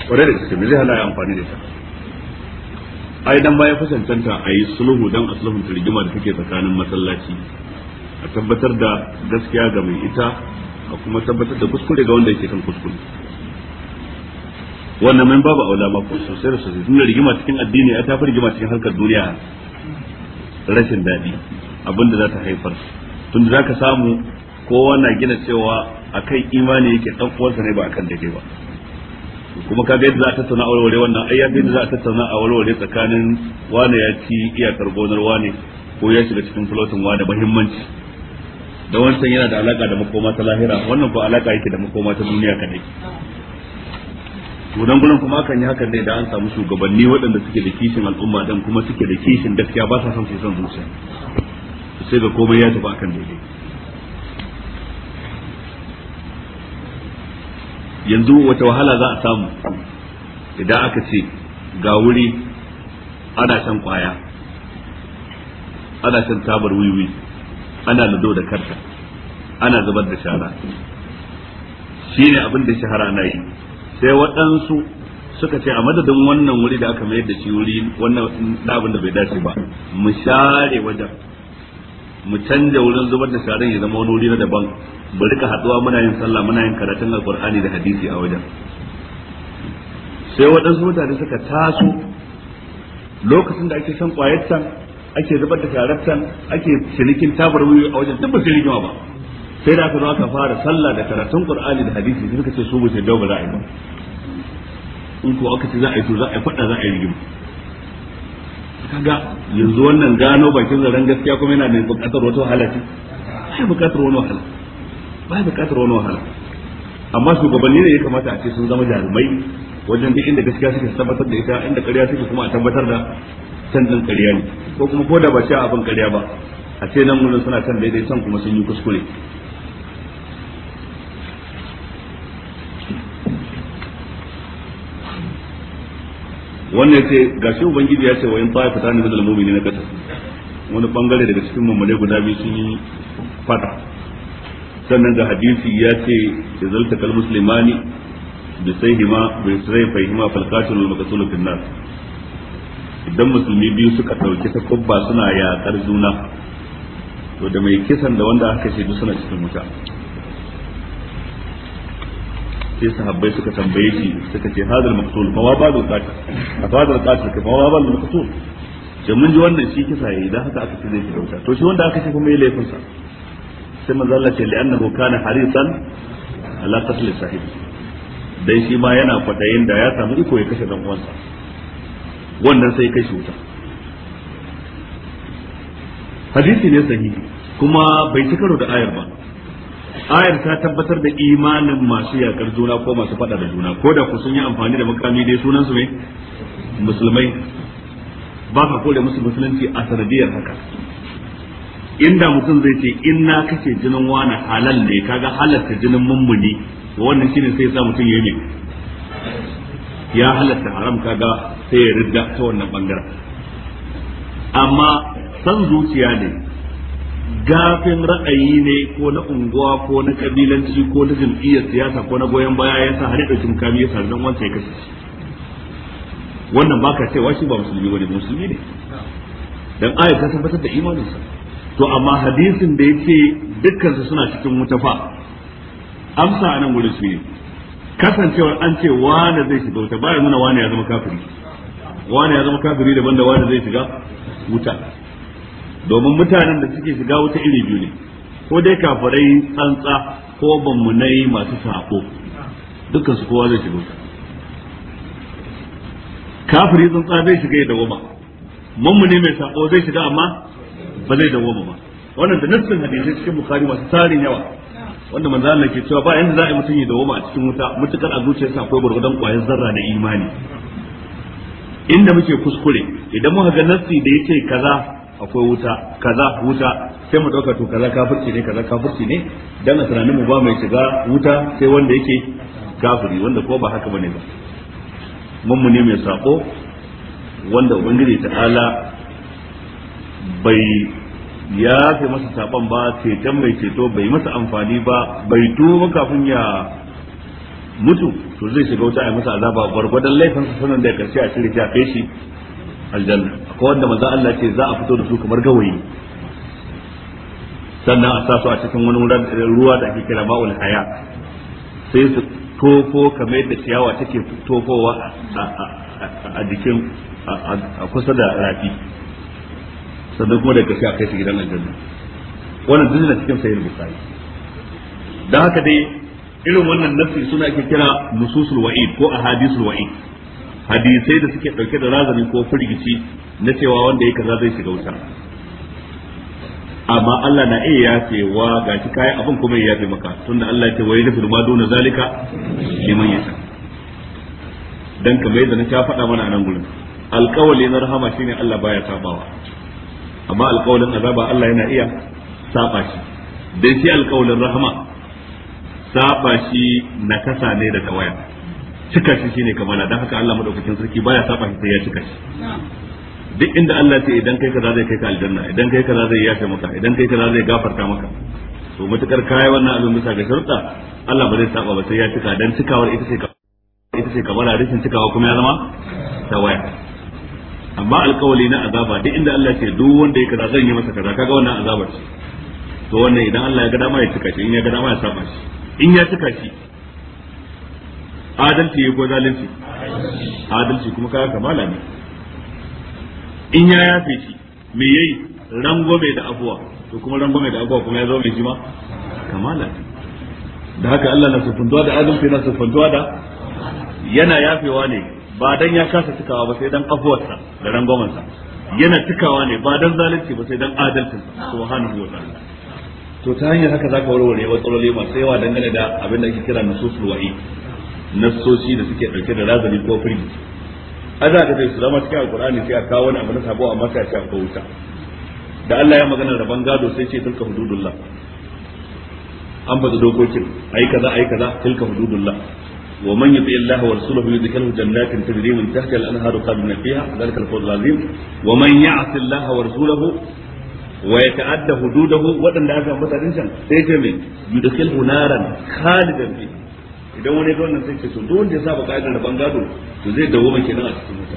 kware da gaske me zai hana ya amfani da ita ai dan bayan fa cancanta a yi sulhu don a sulhun rigima da take tsakanin masallaci a tabbatar da gaskiya ga mai ita a kuma tabbatar da kuskure ga wanda yake kan kuskure wannan mai babu aula ma ko sosai da sosai tun rigima cikin addini ya tafi rigima cikin harkar duniya rashin daɗi abinda za ta haifar tun da za ka samu kowa na gina cewa a kan imani yake ɗan uwansa ne ba a kan daidai ba kuma ga yadda za a tattauna warware wannan ai ya yadda za a tattauna a warware tsakanin wane ya ci iyakar gonar wane ko ya shiga cikin fulotin wa da muhimmanci da wancan yana da alaka da makoma ta lahira wannan ko alaka yake da makoma ta duniya kadai Gudan-gudan kuma akan yi hakan ne da an samu shugabanni waɗanda suke da kishin al'umma dan kuma suke da kishin gaskiya ba sa son su son zuciya sai ga komai ya tafi akan daidai yanzu wata wahala za a samu idan aka ce ga wuri ana shan kwaya ana shan tabar wiwi ana lado da karta ana zubar da shara shine abin da shahara na yi sai waɗansu suka ce a madadin wannan wuri da aka mayar da shi wuri wannan abin da bai dace ba mu share wajen mu canja wurin zubar da sharan ya zama wani wuri na daban bari ka haduwa muna yin sallah muna yin karatun alqur'ani da hadisi a wajen sai waɗansu mutane suka taso lokacin da ake san kwayar ake zubar da sharar ake cinikin tabar wuyu a wajen duk cinikin ba sai da aka zo aka fara sallah da karatun qur'ani da hadisi sai suka ce su mu sai dawo ba za a yi ba in ko aka ce za a yi to za a yi fada za a yi rigima kaga yanzu wannan gano bakin zaren gaskiya kuma yana da bukatar wata wahala ce ba bukatar wani wahala ba bukatar wani wahala amma shugabanni ne ya kamata a ce sun zama jarumai wajen duk inda gaskiya suke tabbatar da ita inda ƙarya suke kuma a tabbatar da canjin ƙarya ne ko kuma ko da ba shi abin ƙarya ba a ce nan mun suna can daidai can kuma sun yi kuskure wannan ga gashi ubangiji ya ce wa in ta'ifa ne da mumini na kasa wani bangare daga cikin mamale guda biyu sun yi fada sannan ga hadisi ya ce izalta kal muslimani bi sayhima bi sayfihima fal qatil wal maqtul fil nar idan musulmi biyu suka dauki ta kubba suna yakar juna to da mai kisan da wanda aka ce suna cikin wuta sai sahabbai suka tambaye shi suka ce hadal maqtul fa wa ba'd al a hadal qatil fa wa ba'd al-maqtul mun ji wannan shi kisa yayi dan haka aka ce shi shiga wuta to shi wanda aka ce kuma yayi laifin sa sai manzo Allah ce li'annahu kana harisan ala qatl sahibi dai shi ma yana kwadayin da ya samu iko ya kashe dan uwansa wannan sai shi wuta hadisi ne sahihi kuma bai ci karo da ayar ba ayar ta tabbatar da imanin masu yakar juna ko masu fada da juna ko da ku sun yi amfani da makami dai sunan su ne musulmai ba ka kore musu musulunci a sanadiyar haka inda mutum zai ce in na kashe jinin wani halal ne kaga halarta jinin mummuni wannan shine sai sa mutum ya yi ya halarta haram kaga sai ya ridda ta wannan bangaren amma san zuciya ne gafin ra'ayi ne ko na unguwa ko na kabilanci ko na jam'iyyar siyasa ko na goyon baya ya sa hari ya ɗauki mukami ya sardan wancan ya kashe wannan ka cewa shi ba musulmi wani musulmi ne dan ayat ta tabbatar da imaninsa to amma hadisin da yake ce su suna cikin wuta fa amsa anan gurin su ne kasancewar an ce wane zai shiga wuta bayan nuna wane ya zama kafiri wane ya zama kafiri daban da wane zai shiga wuta domin mutanen da suke shiga wuta iri biyu ne ko dai kafirai tsantsa ko bammunai masu sako dukkan su kowa zai shiga wuta kafiri tsantsa zai shiga ya dawoma mummune mai sako zai shiga amma ba zai dawoma ba wannan da nassin hadisi cikin bukari masu tarin yawa wanda manzo Allah ke cewa ba yanda za a yi mutum ya dawoma a cikin wuta mutukar a zuciyarsa akwai gurgudan kwayar zarra da imani inda muke kuskure idan muka ga nassi da yake kaza akwai wuta kaza wuta sai mu dauka to kaza kafirci ne kaza kafirci ne dan a tunanin mu ba mai shiga wuta sai wanda yake kafiri wanda ko ba haka bane ba mun ne mai sako wanda ubangiji ala bai ya fi masa saban ba ceton mai ceto bai masa amfani ba bai tuba kafin ya mutu to zai shiga wuta a masa azaba gwargwadon laifin sanan da ya karshe a shirya ya shi aljanna akwai wanda manzo Allah ce za a fito da su kamar gawayi sannan a sa su a cikin wani ruwa da ake kira ma'ul haya sai su tofo kamar yadda ciyawa take tofowa a jikin a kusa da rafi sannan kuma daga shi a kai su gidan aljanna wannan duk na cikin sayyid bukhari dan haka dai irin wannan nafsi suna ake kira nususul wa'id ko ahadithul wa'id hadisai da suke dauke da razani ko firgici na cewa wanda yake kaza zai shiga wuta amma Allah na iya yafe ga shi kai abin kuma ya yafe maka tunda Allah ya ce wa yaghfiru ma duna zalika liman yasha dan kamar yadda na ta faɗa mana a nan gurin alƙawali na rahama shine Allah baya sabawa amma alƙawalin azaba Allah yana iya saba shi dai shi alƙawalin rahama saba shi nakasa ne da tawaya cika shi shine kamala dan haka Allah madaukakin sarki baya saba shi sai ya cika shi duk inda Allah ce idan kai kaza zai kai ka aljanna idan kai kaza zai yafe maka idan kai kaza zai gafarta maka to matukar kai wannan abin bisa ga sharuɗa Allah ba zai saba ba sai ya cika dan cikawar ita ce ita ce kamala rashin cikawa kuma ya zama tawaya amma alkawali na azaba duk inda Allah ce duk wanda ya kaza zan yi masa kaza kaga wannan azabar shi to wannan idan Allah ya ga dama ya cika shi in ya ga dama ya saba shi in ya cika shi adalci ya ko zalunci adalci kuma kaya kamala ne in ya yafe shi me yayi rangwame da abuwa to kuma rangwame da abuwa kuma ya zama mai shi ma kamala ne da haka Allah na sufuntuwa da adalci na sufuntuwa da yana yafewa ne ba dan ya kasa cikawa ba sai dan abuwarsa da rangwamansa yana cikawa ne ba dan zalunci ba sai dan adalcinsa subhanahu wa ta'ala to ta hanyar haka zaka warware matsaloli masu yawa dangane da abin da ake kira nususul wa'i nassoshi da suke ɗauke da razani ko firgici aza ka dai sulama cikin alqur'ani sai a kawo wani abu na sabo a sai a ce wuta da Allah ya magana da bangado sai ce tilka hududullah an bada dokokin ai kaza ai kaza tilka hududullah ومن يطع الله ورسوله يدخله جنات تجري من تحتها الانهار خالدين فيها ذلك الفوز العظيم ومن يعص الله ورسوله ويتعدى حدوده ودن ذا مثلا سيتم يدخله نارا خالدا فيها dan wani ga sai ce duk wanda ya saba ka'idar rabon gado to zai dawo mai kenan a cikin wuta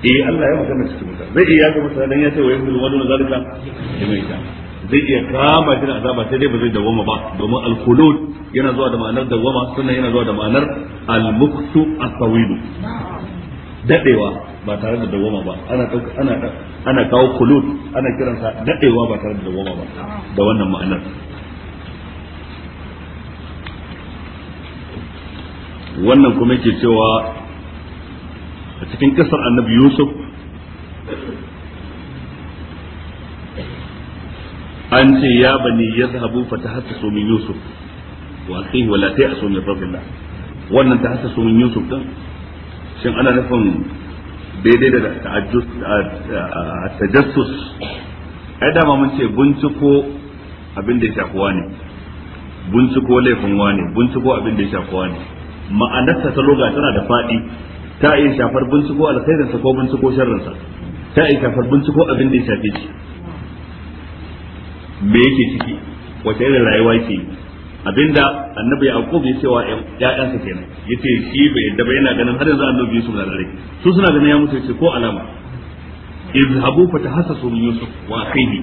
eh Allah ya magana cikin wuta zai iya yaga masa dan ya ce wa yanzu wani zalika mai zai iya kama jin azaba sai dai ba zai dawoma ba domin al-khulud yana zuwa da ma'anar dawoma sannan yana zuwa da ma'anar al-muktu as-sawil dadewa ba tare da dawoma ba ana ana ana kawo khulud ana kiransa dadewa ba tare da dawoma ba da wannan ma'anar wannan kuma yake cewa a cikin kasar annabi yusuf an ce ya bani ya zahabu fa ta hasa min yusuf wa akhihi wala ta yasu min rabbillah wannan ta hasa min yusuf din shin ana nufin daidai da tajassus ai dama mun ce binciko abin da ya shafi wani binciko laifin wani binciko abin da ya shafi wani
ma'anarsa ta loga tana da faɗi
ta iya shafar binciko alkhairinsa ko binciko sharrinsa ta iya shafar binciko abin da ya shafe shi me yake ciki wace irin rayuwa yake abinda annabi yaqub ya cewa 'ya'yansa kenan yace shi bai yadda ba yana ganin har yanzu annabi Yusuf na rai su suna ganin ya mutu yace ko alama izhabu fatahassasu min Yusuf wa akhihi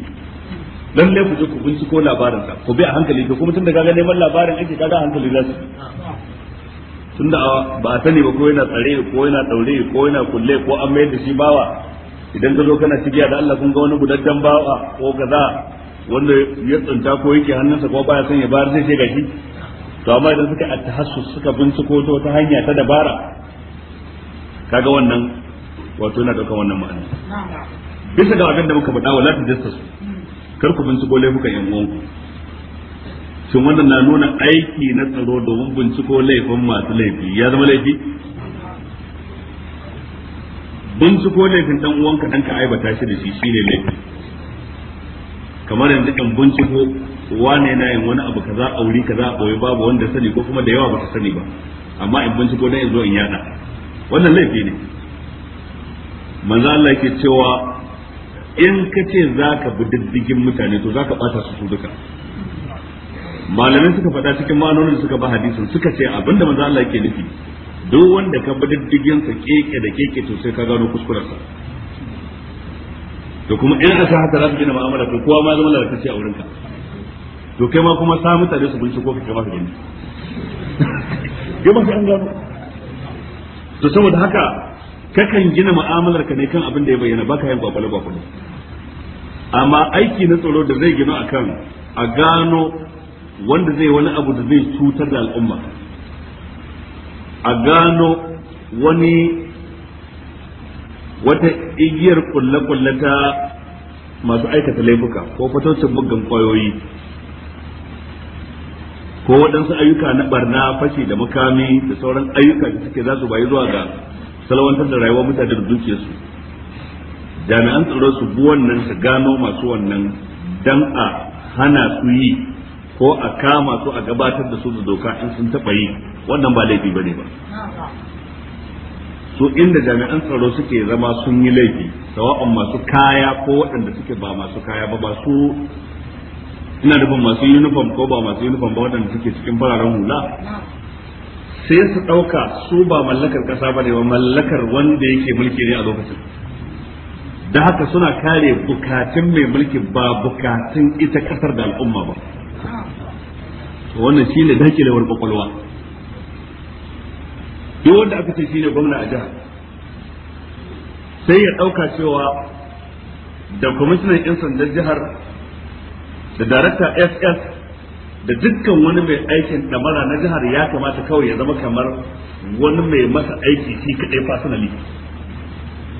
ne ku je ku binciko labarin sa ku bi a hankali ko kuma tun daga neman labarin ake kaga hankali za su da ba a sani ba ko yana tsare ko yana daure ko yana kulle ko an mayar da shi bawa idan ka zo kana ciki da Allah kun ga wani gudaddan bawa ko gaza wanda ya tsunta ko yake hannunsa ko baya son ya bayar zai ce gashi to amma idan suka tahassus suka binciko to ta hanya ta dabara kaga wannan wato yana daukan wannan ma'ana bisa ga abin da muka faɗa wala tajassasu kar ku binciko laifukan yan uwanku shin wannan na nuna aiki na tsaro domin binciko laifin masu laifi ya zama laifi binciko laifin dan uwanka dan ka aibata shi da shi shine laifi kamar yanzu in binciko wane na yin wani abu kaza a wuri kaza a boye babu wanda sani ko kuma da yawa ba ta sani ba amma in binciko dan zo in yada wannan laifi ne manzo Allah yake cewa in ka ce zaka bi diddigin mutane to zaka bata su su duka malamai suka faɗa cikin ma'anonin suka ba hadisin suka ce abinda manzo Allah yake nufi duk wanda ka bi diddigin sa keke da keke to sai ka gano kuskuren sa to kuma in aka haka za su gina ma'amala to kowa ma zama lalatacce a wurinka to kai ma kuma sa mutane su binciko ka kai ba ka gani gaba sai an gano to saboda haka kakan gina mu'amalar ka ne kan abin da ya bayyana baka yin kwakwale kwakwale amma aiki na tsaro da zai gina akan a gano wanda zai wani abu da zai cutar da al'umma a gano wani wata igiyar kulle-kulle ta masu aikata laifuka ko fatocin bugan kwayoyi ko waɗansu ayyuka na barna fashi da makami da sauran ayyuka da suke za su bayi zuwa ga salawantar da rayuwar mutane da su jami'an tsaro su bi wannan su gano masu wannan dan a hana su yi ko a kama su a gabatar da su da doka in sun taɓa yi wannan ba laifi ba ne ba su inda jami'an tsaro suke zama sun yi laifi sawa'un masu kaya ko waɗanda suke ba masu kaya ba ba su ina da masu uniform ko ba masu uniform ba waɗanda suke cikin fararen hula sai su ɗauka su ba mallakar ƙasa ba ne ba mallakar wanda yake mulki ne a lokacin da haka suna kare bukatun mai mulki ba bukatun ita ƙasar da al'umma ba wannan shi ne dakilewar kwakwalwa duk wanda aka ce ne gwamna a jihar sai ya ɗauka cewa da kwamishinan yan sandan jihar da darakta ss da dukkan wani mai aikin damara na jihar ya kamata kawai ya zama kamar wani mai masa aiki shi kaɗai fasinali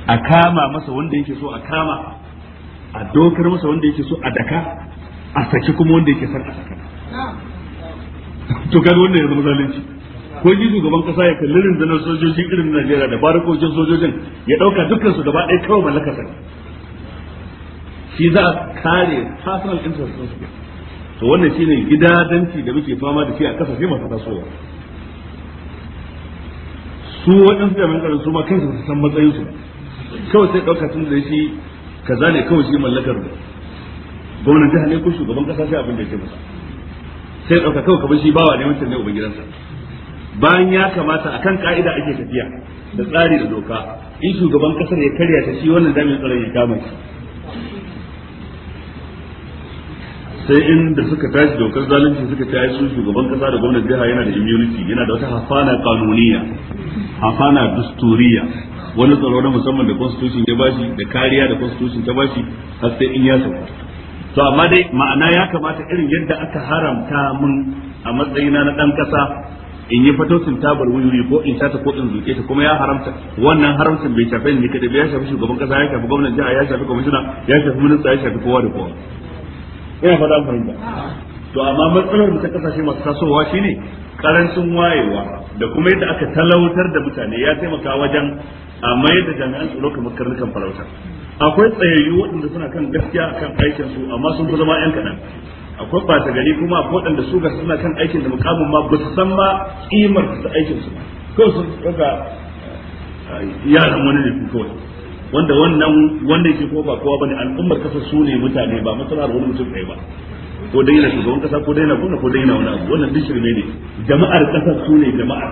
a kama masa wanda yake so a kama a dokar masa wanda yake so a daka a saki kuma wanda yake son a saka to kaga wannan ya zama zalunci ko ji shugaban kasa ya kalli rundunar sojojin irin Najeriya da barakocin sojojin ya dauka dukkan su gaba ɗaya kawai mallaka sa shi za a kare personal interest su to wannan shine danci da muke fama da shi a sai masu tasowa su waɗansu jami'an tsaron su ma kansu su san matsayinsu kawai sai ɗauka tun da shi kaza ne kawai shi mallakar mu gwamnan jiha ne ko shugaban kasa sai abin da yake masa sai ɗauka kawai kamar shi bawa ne wancan ne uban gidansa bayan ya kamata akan ka'ida ake tafiya da tsari da doka in shugaban kasar ya karya ta shi wannan damin tsaron ya kama shi sai in da suka tashi dokar zalunci suka ta su shugaban kasa da gwamnati jiha yana da immunity yana da wata hafana kanuniya hafana dusturiya wani tsaro na musamman da constitution ya bashi da kariya da constitution ta bashi har sai in ya sauka to amma dai ma'ana ya kamata irin yadda aka haramta mun a matsayina na dan kasa in yi fatosin tabar wuri ko in sata ko in zuke ta kuma ya haramta wannan haramta bai shafe ni kada ya shafi shugaban kasa ya shafi gwamnati jiha ya shafi kwamishina ya shafi minista ya shafi kowa da kowa ina fata an fahimta to amma matsalar mu ta kasashe masu tasowa shine karancin wayewa da kuma yadda aka talautar da mutane ya taimaka wajen a mayar da jami'an tsaro kamar karnukan farauta akwai tsayayyu waɗanda suna kan gaskiya akan aikin su amma sun fi zama yan kaɗan akwai ɓata gari kuma akwai waɗanda su ga suna kan aikin da mukamin ma ba su san ma kimar su aikin su kawai sun ɗauka yaran wani ne kawai wanda wannan wanda yake ko ba kowa bane al'ummar kasa su ne mutane ba matsalar wani mutum ɗaya ba ko daina shugaban kasa ko daina yana ko daina wani abu wannan duk ne jama'ar kasar su ne jama'ar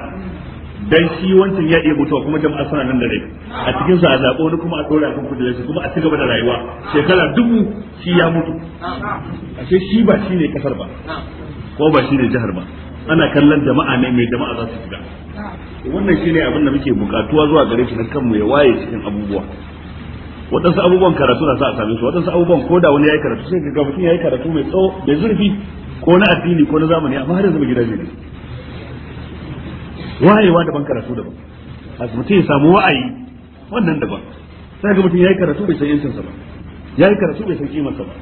dan shi wancan ya iya mutuwa kuma jama'a suna nan da rai a cikin sa a zaɓo wani kuma a ɗora kan kudu kuma a cigaba da rayuwa shekara dubu shi ya mutu
A
ce shi ba shi ne kasar ba ko ba shi ne jihar ba ana kallon jama'a ne mai jama'a za su shiga wannan shi ne abin da muke bukatuwa zuwa gare shi na kanmu ya waye cikin abubuwa waɗansu abubuwan karatu na sa a same su waɗansu abubuwan ko da wani ya yi karatu sai ga mutum ya yi karatu mai tsawo da zurfi ko na addini ko na zamani amma har yanzu ba gida ne wayewa daban karatu daban as mutum ya samu wa'ayi wannan daban sai ga mutum ya yi karatu bai san yancin sa ba yi karatu bai san kimar sa ba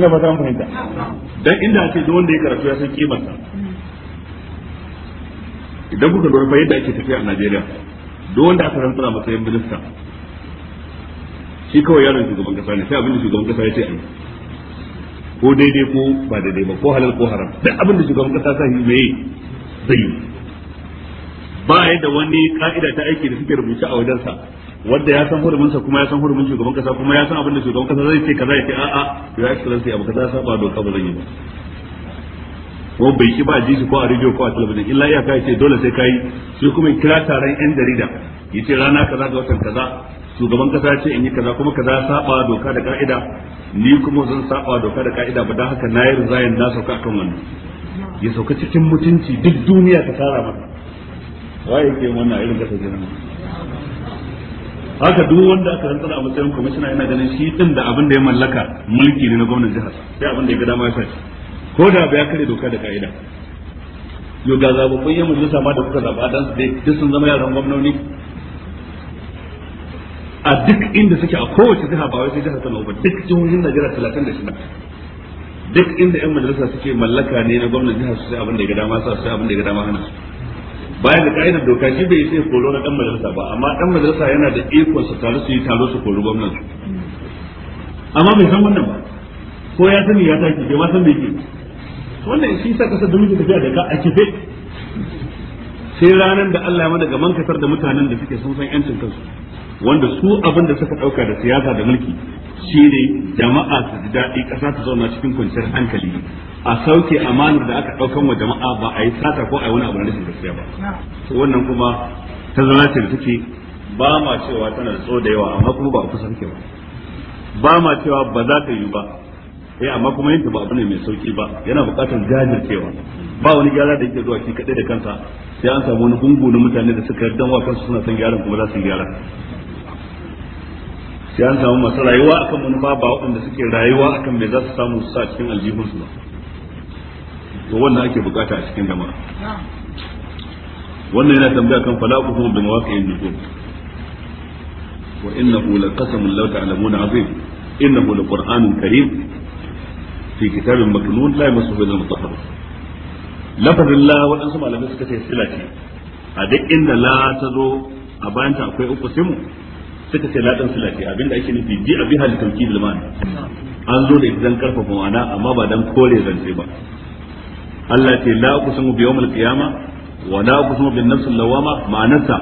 ina ba an fahimta dan inda ake da wanda ya karatu ya san kimar sa idan kuka lura fa yadda ake tafiya a Najeriya duk wanda aka rantsara matsayin minista shi kawai yaron shugaban kasa ne sai abin da shugaban kasa ya ce ai ko daidai ko ba daidai ba ko halal ko haram duk abin da shugaban kasa sai shi mai zai yi ba ya da wani ka'ida ta aiki da suke rubuce a wajensa wanda ya san hurumin sa kuma ya san hurumin shugaban kasa kuma ya san abin da shugaban kasa zai ce kaza ya ce a'a ya excellency abu kaza saba doka ba zan yi ba ko bai ki ba ji shi ko a radio ko a talabijin illa iya kai ce dole sai kai sai kuma kira taron yan jarida yace rana kaza ga watan kaza shugaban kasa ya ce in yi kaza kuma kaza saba doka da ka'ida ni kuma zan saba doka da ka'ida ba dan haka nayi rizayin na sauka akan wannan ya sauka cikin mutunci duk duniya ta tara masa waye ke wannan irin kasa kenan haka duk wanda aka rantsar a matsayin kwamishina yana ganin shi din da abin da ya mallaka mulki ne na gwamnan jihar sai abin da ya ga dama ya sace ko da ba ya kare doka da ka'ida yau ga zababbun yan majalisa ma da kuka zaba dan su dai duk sun zama yaran gwamnoni a duk inda suke a kowace jiha ba wai sai jihar Kano ba duk jihohin Najeriya talatin da shida duk inda yan majalisa suke mallaka ne na gwamnan jihar su sai abin da ya ga dama sa sai abin da ya ga dama hana su baya da ka'idar doka shi bai sai koro na dan majalisa ba amma dan majalisa yana da ikon su tare su yi taro su koro gwamnan su amma bai san wannan ba ko ya sani ya taki bai ma san me yake wannan shi sa kasa da muke tafiya da ka a kife sai ranar da Allah ya daga gaman kasar da mutanen da suke sun san yancin kansu wanda su abin da suka dauka da siyasa da mulki shine jama'a su ji daɗi ƙasa ta zauna cikin kwanciyar hankali a sauke amanar da aka ɗaukan wa jama'a ba a yi sata ko a yi wani abu na rashin gaskiya ba wannan kuma ta zama ce da take ba ma cewa tana da tso yawa amma kuma ba a kusa ba ba ma cewa ba za ta yi ba eh amma kuma yanta ba abu ne mai sauki ba yana buƙatar jajircewa ba wani gyara da yake zuwa shi kaɗai da kansa sai an samu wani gungu na mutane da suka yarda wa kansu suna son gyaran kuma za su yi gyara sai an samu masu rayuwa akan manufa ba waɗanda suke rayuwa akan me za su samu su sa cikin aljihunsu ba to wannan ake bukata a cikin jama'a wannan yana tambaya kan falaku kuma bi yin nujum wa innahu laqasamun law ta'lamuna azim innahu laqur'anun karim fi kitabin maknun la yamassuhu illa mutahharun lafazin la waɗansu malamai suka ce sila ce a duk inda la ta zo a bayanta akwai uku simu suka ce ladan sila ce abinda ake nufi bi a biha li tawkid al ma'ana an zo da idan karfafa ma'ana amma ba dan kore zance ba Allah ce la aqsimu bi yawmil qiyama wa la aqsimu bin nafs lawama ma'anarsa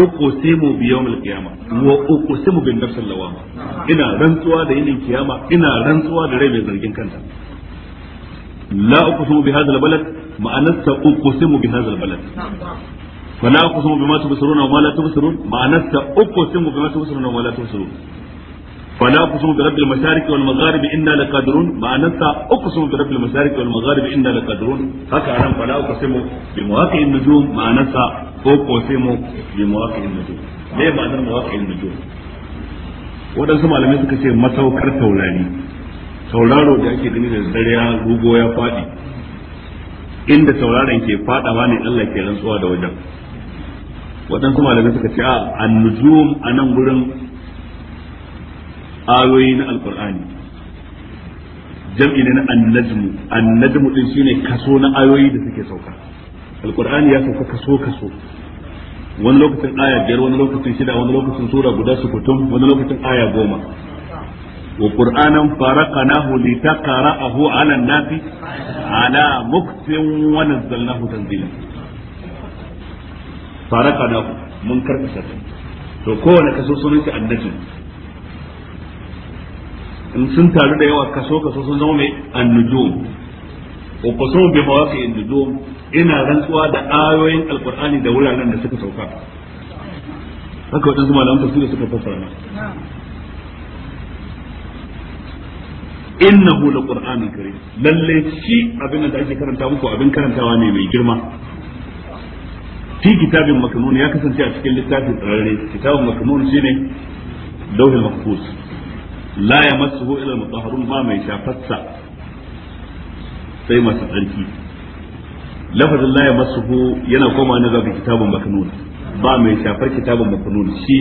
uqsimu bi yawmil qiyama wa uqsimu bin nafs lawama ina rantsuwa da yinin kiyama ina rantsuwa da rai mai zargin kanta la aqsimu bi hadha al balad ma'anarsa uqsimu bi hadha al balad fala aqsimu bima tubsiruna wa ma la tubsirun ma'anar ta uqsimu bima tubsiruna wa ma la tubsirun fala aqsimu bi rabbil mashariq wal magharib inna laqadirun ma'anar ta uqsimu bi rabbil mashariq wal magharib inna laqadirun haka anan fala aqsimu bi mawaqi'in nujum ma'anar ta uqsimu bi me waɗansu malamai suka ce masaukar taurari tauraro da ake gani da dare ya rugo ya faɗi inda tauraron ke faɗawa ne Allah ke rantsuwa da wajen waɗansu malamai suka ce a annujum a nan gurin ayoyi na alkur'ani jam'i ne na annajmu annajmu din shine kaso na ayoyi da suke sauka alkur'ani ya sauka kaso kaso wani lokacin aya biyar wani lokacin shida wani lokacin sura guda su kutum wani lokacin aya goma wa qur'anan faraqnahu litaqra'ahu 'ala an-nasi 'ala muktin wa nazzalnahu tanzila faraka na mun karkasa ta to kowane kaso sunan shi annajin in sun taru da yawa kaso kaso sun zama mai annujum wa qasum bi mawaqi annujum ina rantsuwa da ayoyin alqur'ani da wuraren da suka sauka haka wajen zuma wadansu malaman tafsiri suka fassara innahu laqur'anul karim lalle shi abin da ake karanta muku abin karantawa ne mai girma fi kitabin maknun ya kasance a cikin littafin tsararre kitabun maknun shine dawhil mahfuz la yamassuhu illa al-mutahharun ba mai shafarsa sai masu tsarki lafazin la yamassuhu yana koma ni ga kitabun maknun ba mai shafar kitabun maknun shi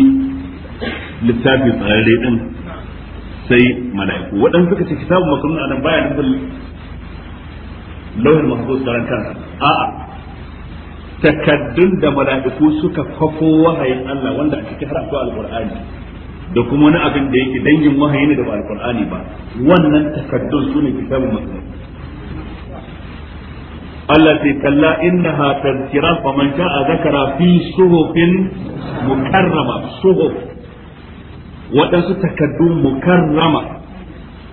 littafin tsararre din sai mala'iku waɗanda suka ce kitabun maknun anan baya nufin a'a takaddun da mala'iku suka kwafo wahayin Allah wanda a cikin har akwai alqur'ani da kuma wani abin da yake dangin wahayi ne da ba alqur'ani ba wannan takaddun sune kitabun musulmi Allah sai kalla innaha tazkira fa man sha'a zakara fi suhufin mukarrama suhuf waɗansu takaddun mukarrama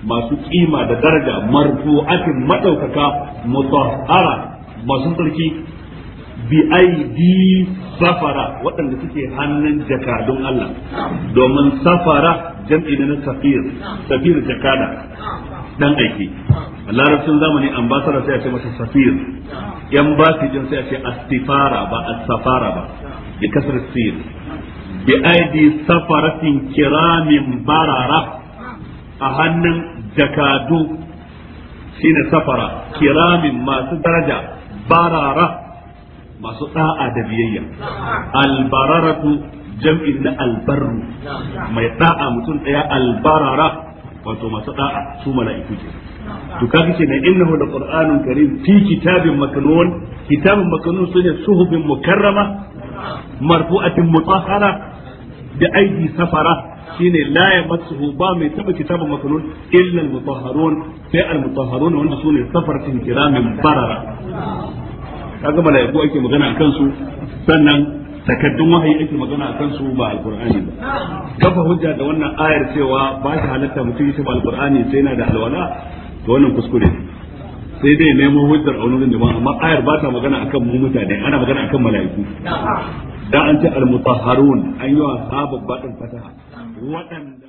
masu kima da daraja marfu'atin madaukaka mutahhara masu tsarki bi aidi safara waɗanda suke hannun jakadun Allah domin safara jam'i na safir safir jakada dan aiki larabcin zamani ambassador sai a ce masa safir yan basi jin sai a ce astifara ba safara ba bi kasar sir bi aidi safaratin kiramin barara a hannun jakadu shine safara kiramin masu daraja barara masu da'a da biyayya albararatu jam'in na albarru mai da'a mutum daya albarara wato masu da'a su mala'iku ke to kaga ce na innahu da qur'anun karim fi kitabin makanun kitabin makanun sune suhubin mukarrama marfu'atin mutahhara da aiki safara shine la ya ba mai taba kitabun makanun illa al-mutahharun sai al-mutahharun wanda sune safartin kiramin barara kaga malaiku ake magana akan su sannan takaddun wahayi ake magana akan su ba alqur'ani ba kafa hujja da wannan ayar cewa ba shi halatta mutum yace ba alqur'ani sai yana da alwala to wannan kuskure sai dai nemo hujjar aunurin da amma ayar ba ta magana akan mu mutane ana magana akan malaiku dan an ce almutahharun an yi wa sahabban fataha waɗanda